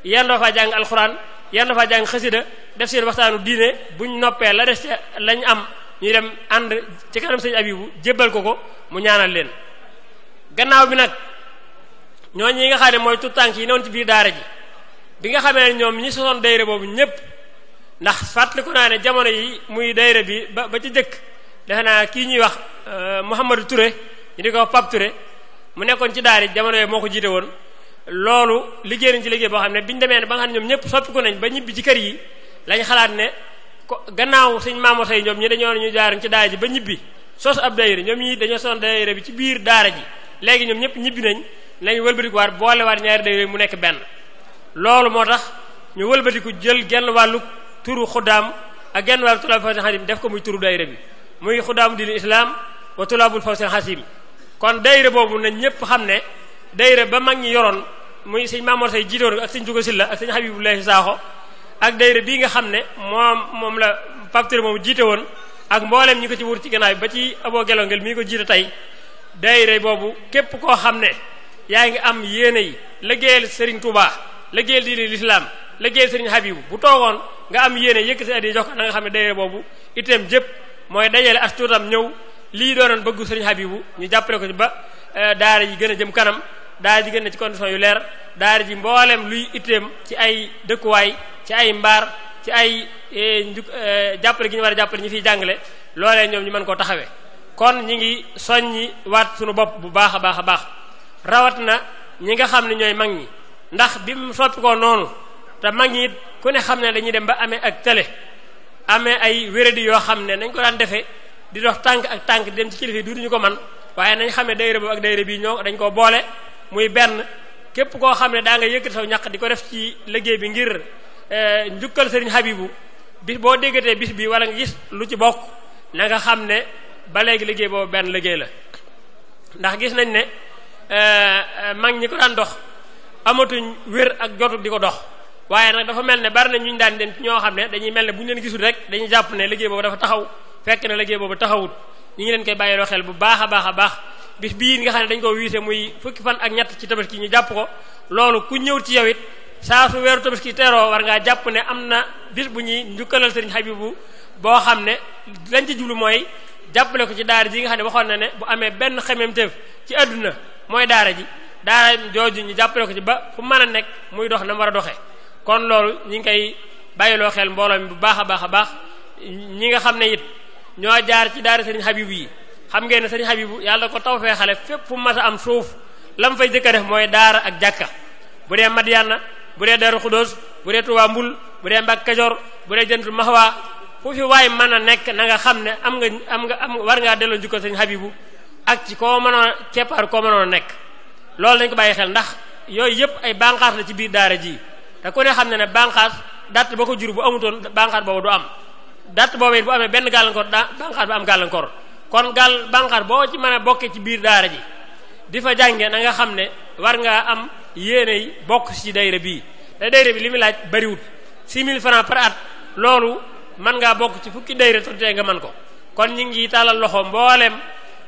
Speaker 2: yendoo faa jàng alxuraan yendoo faa jàng xasida def seen waxtaanu diine buñ noppee la des ca lañ am ñu dem ànd ci kanam sëñ Abibu jébbal ko ko mu ñaanal leen gannaaw bi nag ñooñu yi nga xam ne mooy tànk yi newoon ci biir daara bi nga xamee ne ñoom ñi sosoon dayre boobu ñépp ndax fàttaliku naa ne jamono yi muy dayra bi ba ba ci jëkk defe naa kii ñuy wax euh, Mouhamadou Touré ñu ni ko wax Pape Touré mu nekkoon ci daari jamono yooyu moo ko jiite woon loolu liggéey nañ ci liggéey boo xam ne bi ñu demee ne ba nga xam ne ñoom ñëpp soppiku nañ ba ñibbi ci kër yi lañ xalaat ne ko gannaaw suñ maamo tey ñoom ñi dañoo ñu jaaroon ci daar ji ba ñibbi sos ab daayira ñoom ñi dañoo son daayira bi ci biir daara ji léegi ñoom ñëpp ñibbi nañ nañ wëlbatikuwaat boolewaat ñaari daayira mu nekk benn loolu moo tax ñu wëlbatiku jël genn wàllu turu xuddaam ak genn wàll tulaabul fawsil xasim def ko muy turu daayira bi muy xuddaam dil islaam wa tulaabul fawsil xasim kon daayira boobu nañ ñépp xam ne daayira ba mag ñi yoroon muy sëñ Maamoor Say jiitoon ak sëñ Juga Silla ak sëñ Habibullahi Saaxo ak daayira bii nga xam ne moom moom la papture moom jiite woon ak mboolem ñi ko ci wut ci gannaaw bi ba ci aboo gelongel mii ko jiite tey daayira boobu képp koo xam ne yaa ngi am yéene yi liggéeyal Sëriñ Tuubaa liggéeyal diine lislaam liggéeyal sëriñ Habibu bu toogoon nga am yéene yëkk si addi jox ko na nga xam ne dayee boobu itam jëpp mooy dajale as tuutam ñëw lii doonoon bëggu sëriñ Habibu ñu jàppale ko ci ba eh, daara ji gën a jëm kanam daara ji gën a ci condition yu leer daara ji mboolem luy itam ci ay dëkkuwaay ci ay mbaar ci ay eh, nju eh, jàppale gi ñu war a jàppale ñu fiy jàngale loolee ñoom ñu mën koo taxawee kon ñi ngi soññi waat suñu bopp bu baax a baax a baax rawat na ñi nga xam ne ñooy mag ñi ndax bi mu te mag ñi it ku ne xam ne dañuy dem ba amee ak tële amee ay wéradi yoo xam ne nañ ko daan defee di dox tànk ak tànk di dem ci kilifa yi duutuñu ko man waaye nañ xam ne dayre boobu ak dayre bii ñoo dañ koo boole muy benn képp koo xam ne daa nga yëkkati saw ñaq di ko def ci liggéey bi ngir eh, njukkal sëriñ Habibu bis boo déggatee bis bii wala nga gis lu ci bokk na nga xam ne ba léegi liggéey boobu benn liggéey la ndax gis nañ ne eh, eh, mag ñi ko daan dox amatuñ wér ak jotu di ko dox waaye nag dafa mel ne bari na ñu ñu daan dem ñoo xam ne dañuy mel ne bu ñu leen gisul rek dañuy jàpp ne liggéey boobu dafa taxaw fekk na liggéey boobu taxawut ñu ngi leen koy bàyyiloo xel bu baax a baax a nga xam ne dañ ko wiise muy fukki fan ak ñett ci tabaski ñu jàpp ko loolu ku ñëw ci yow it saa su weeru tabaski teroo war ngaa jàpp ne am na bis bu ñuy njukkalal sëriñ Habibu boo xam ne lañ ci jublu mooy jàppale ko ci daara ji nga xam ne waxoon na ne bu amee benn xememteef ci àdduna mooy daara ji daara jooju ñu jàppale ko ci ba fu mën a nekk muy dox na war a doxee kon loolu ñu ngi koy bàyyiloo xel mbooloo mi bu baax a baax a baax ñi nga xam ne it ñoo jaar ci daara sëriñ Habib yi xam ngeen ne sëriñ Habib yàlla ko taw fee xale fépp fu mas am suuf lam fay jëkk a def mooy daara ak jàkka bu dee Madiana bu dee Darou Khoudoss bu dee Touba Mbul bu dee Mbacke Kajoor bu dee Jantul Mahwa fu fi waay mën a nekk na nga xam ne am nga am nga am war ngaa delloo njukkal sëriñ Habibu ak ci koo mënoon keppaar koo mënoon a nekk loolu dañ ko bàyyi xel ndax yooyu yëpp ay banqaas la ci biir daara ji te ku ne xam ne ne banqaas datt ba ko jur bu amutoon banqaas boobu du am datt boobu it bu amee benn gàllankoor da banqaas ba am gàllankoor kon gàll banqaas boo ci mën a bokkee ci biir daara ji di fa jànge na nga xam ne war ngaa am yéene yi bokk ci dayra bii te dayra bi li muy laaj bariwul 6000 francs par at loolu mën ngaa bokk ci fukki dayra turtee nga mën ko kon ñu ngi tàllal loxo mboolem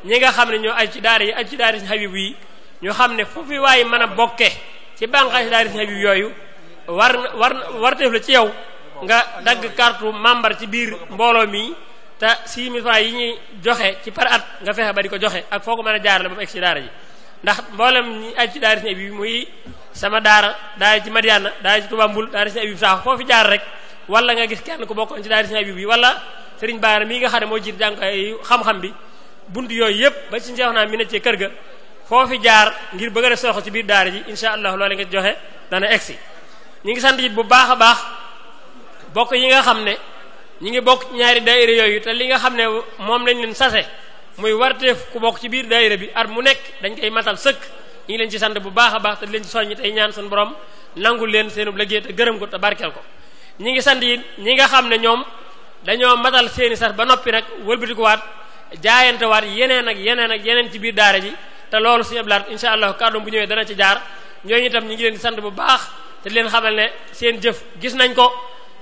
Speaker 2: ñi nga xam ne ñoo aj ci daara yi aj ci daara si Habib yi ñu xam ne fu fi waaye mën a bokke ci banqaas daara si Habib yooyu war war warteef la ci yow nga dagg carte membre ci biir mbooloo mi te 6000 francs yi ñuy joxe ci par at nga fexe ba di ko joxe ak foo ko mën a jaarale ba mu egg ci daara ji ndax mboolem ñi aj sama daara daara ci Madiana daara ci Touba Mbul daara si bi sax foo fi jaar rek wala nga gis kenn ku bokkoon ci daara bi wala Serigne Baara mii nga xam ne moo jiit jàng xam-xam bi bunt yooyu yëpp ba si seex naa mi ne ci kër ga foo fi jaar ngir bëgg a def soxla ci biir daara ji incha allah loolee nga joxe dana egg si ñi ngi sant it bu baax a baax bokk yi nga xam ne ñi ngi bokk ñaari daayira yooyu te li nga xam ne moom lañ leen sase muy warte ku bokk ci biir daayira bi at mu nekk dañ koy matal sëkk ñi ngi leen ci sant bu baax a baax te di leen ci soññi tey ñaan suñu borom nangul leen seenub liggéey te gërëm ko te barkeel ko ñi ngi sant it ñi nga xam ne ñoom dañoo matal seeni sas ba noppi nag wëlbatikuwaat jaayantewaat yeneen ak yeneen ak yeneen ci biir daare ji te loolu suñu laat incha allah kàddu bu ñëwee dana ci jaar ñooñu itam ñi ngi leen di sant bu baax te leen xamal ne seen jëf gis nañ ko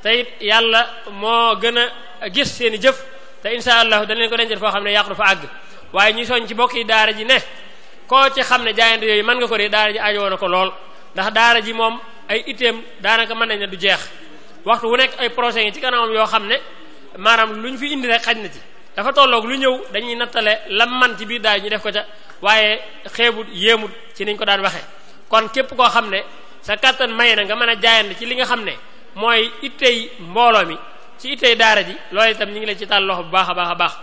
Speaker 2: tey yàlla moo gën a gis seen i jëf te insha allah dañ leen ko dencal foo xam ne yàqu du fa àgg waaye ñuy soñ ci bokk yi daara ji ne koo ci xam ne jaayante yooyu man nga ko de daara ji ajowoon na ko lool ndax daara ji moom ay itteem daanaka mën nañ ne du jeex waxtu wu nekk ay projet yi ci kanamam yoo xam ne maanaam lu ñu fi indi rek xaj na ci dafa tolloog lu ñëw dañuy nattale lam man ci biir daara ji ñu def ko ca waaye xeebut yéemut ci niñ ko daan waxee sa kàttan may na nga mën a jaayante ci li nga xam ne mooy tey mbooloo mi ci tey daara ji loolu itam ñu ngi leen ci tàll loxo bu baax a baax a baax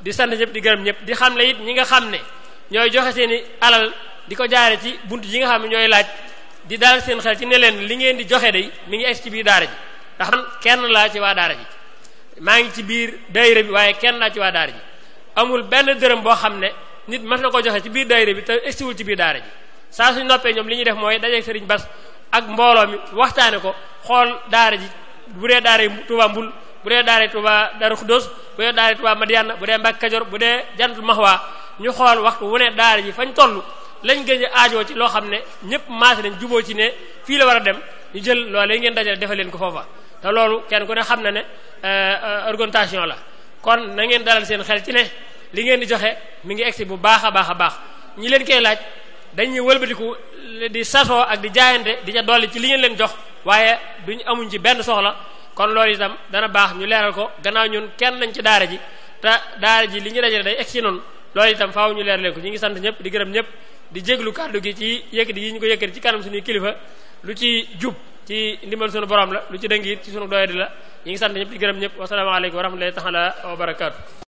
Speaker 2: di sant ñëpp di gërëm ñëpp di xam ne it ñi nga xam ne ñooy joxe seen i alal di ko jaare ci bunt yi nga xam ne ñooy laaj di daal seen xel ci ne leen li ngeen di joxe day mu ngi egg ci biir daara ji ndax man kenn laa ci waa daara ji maa ngi ci biir daayira bi waaye kenn laa ci waa daara ji amul benn dërëm boo xam ne nit mën na ko joxe ci biir daayira bi te egsiwul ci biir daara saa suñ noppee ñoom li ñuy def mooy dajeeg sëriñ bas ak mbooloo mi waxtaane ko xool daara ji bu dee daara Touba Mbul bu dee daara Touba Darou Khoudoss bu dee daara Touba Madiana bu dee Mbacke Kajoor bu dee Jannatul Mahwa ñu xool waxtu wu ne daara ji fañ toll lañ gën a aajoo ci loo xam ne ñëpp maase nañ juboo ci ne fii la war a dem ñu jël loolee ngeen dajale defal leen ko foofa te loolu kenn ku ne xam na ne euh, euh, organisation la kon na ngeen dalal seen xel ci ne li ngeen di joxe mi ngi egsi bu a dañuy wëlbatiku di sasoo ak di jaayante di ca dolli ci li ngeen leen jox waaye ñu amuñ ci benn soxla kon loolu itam dana baax ñu leeral ko gannaaw ñun kenn lañ ci daara ji te daara ji li ñu dajale day egg ci noonu loolu itam faaw ñu leer leen ko ñu ngi sant ñëpp di gërëm ñëpp di jéglu kàddu gi ci yëkkati yi ñu ko yëkkati ci kanam suñuy kilifa lu ci jub ci ndimbal suñu borom la lu ci dëng it ci suñu doyadi la ñu ngi sant ñëpp di gërëm ñëpp wasalaamaaleykum wa rahmatullahi taala wa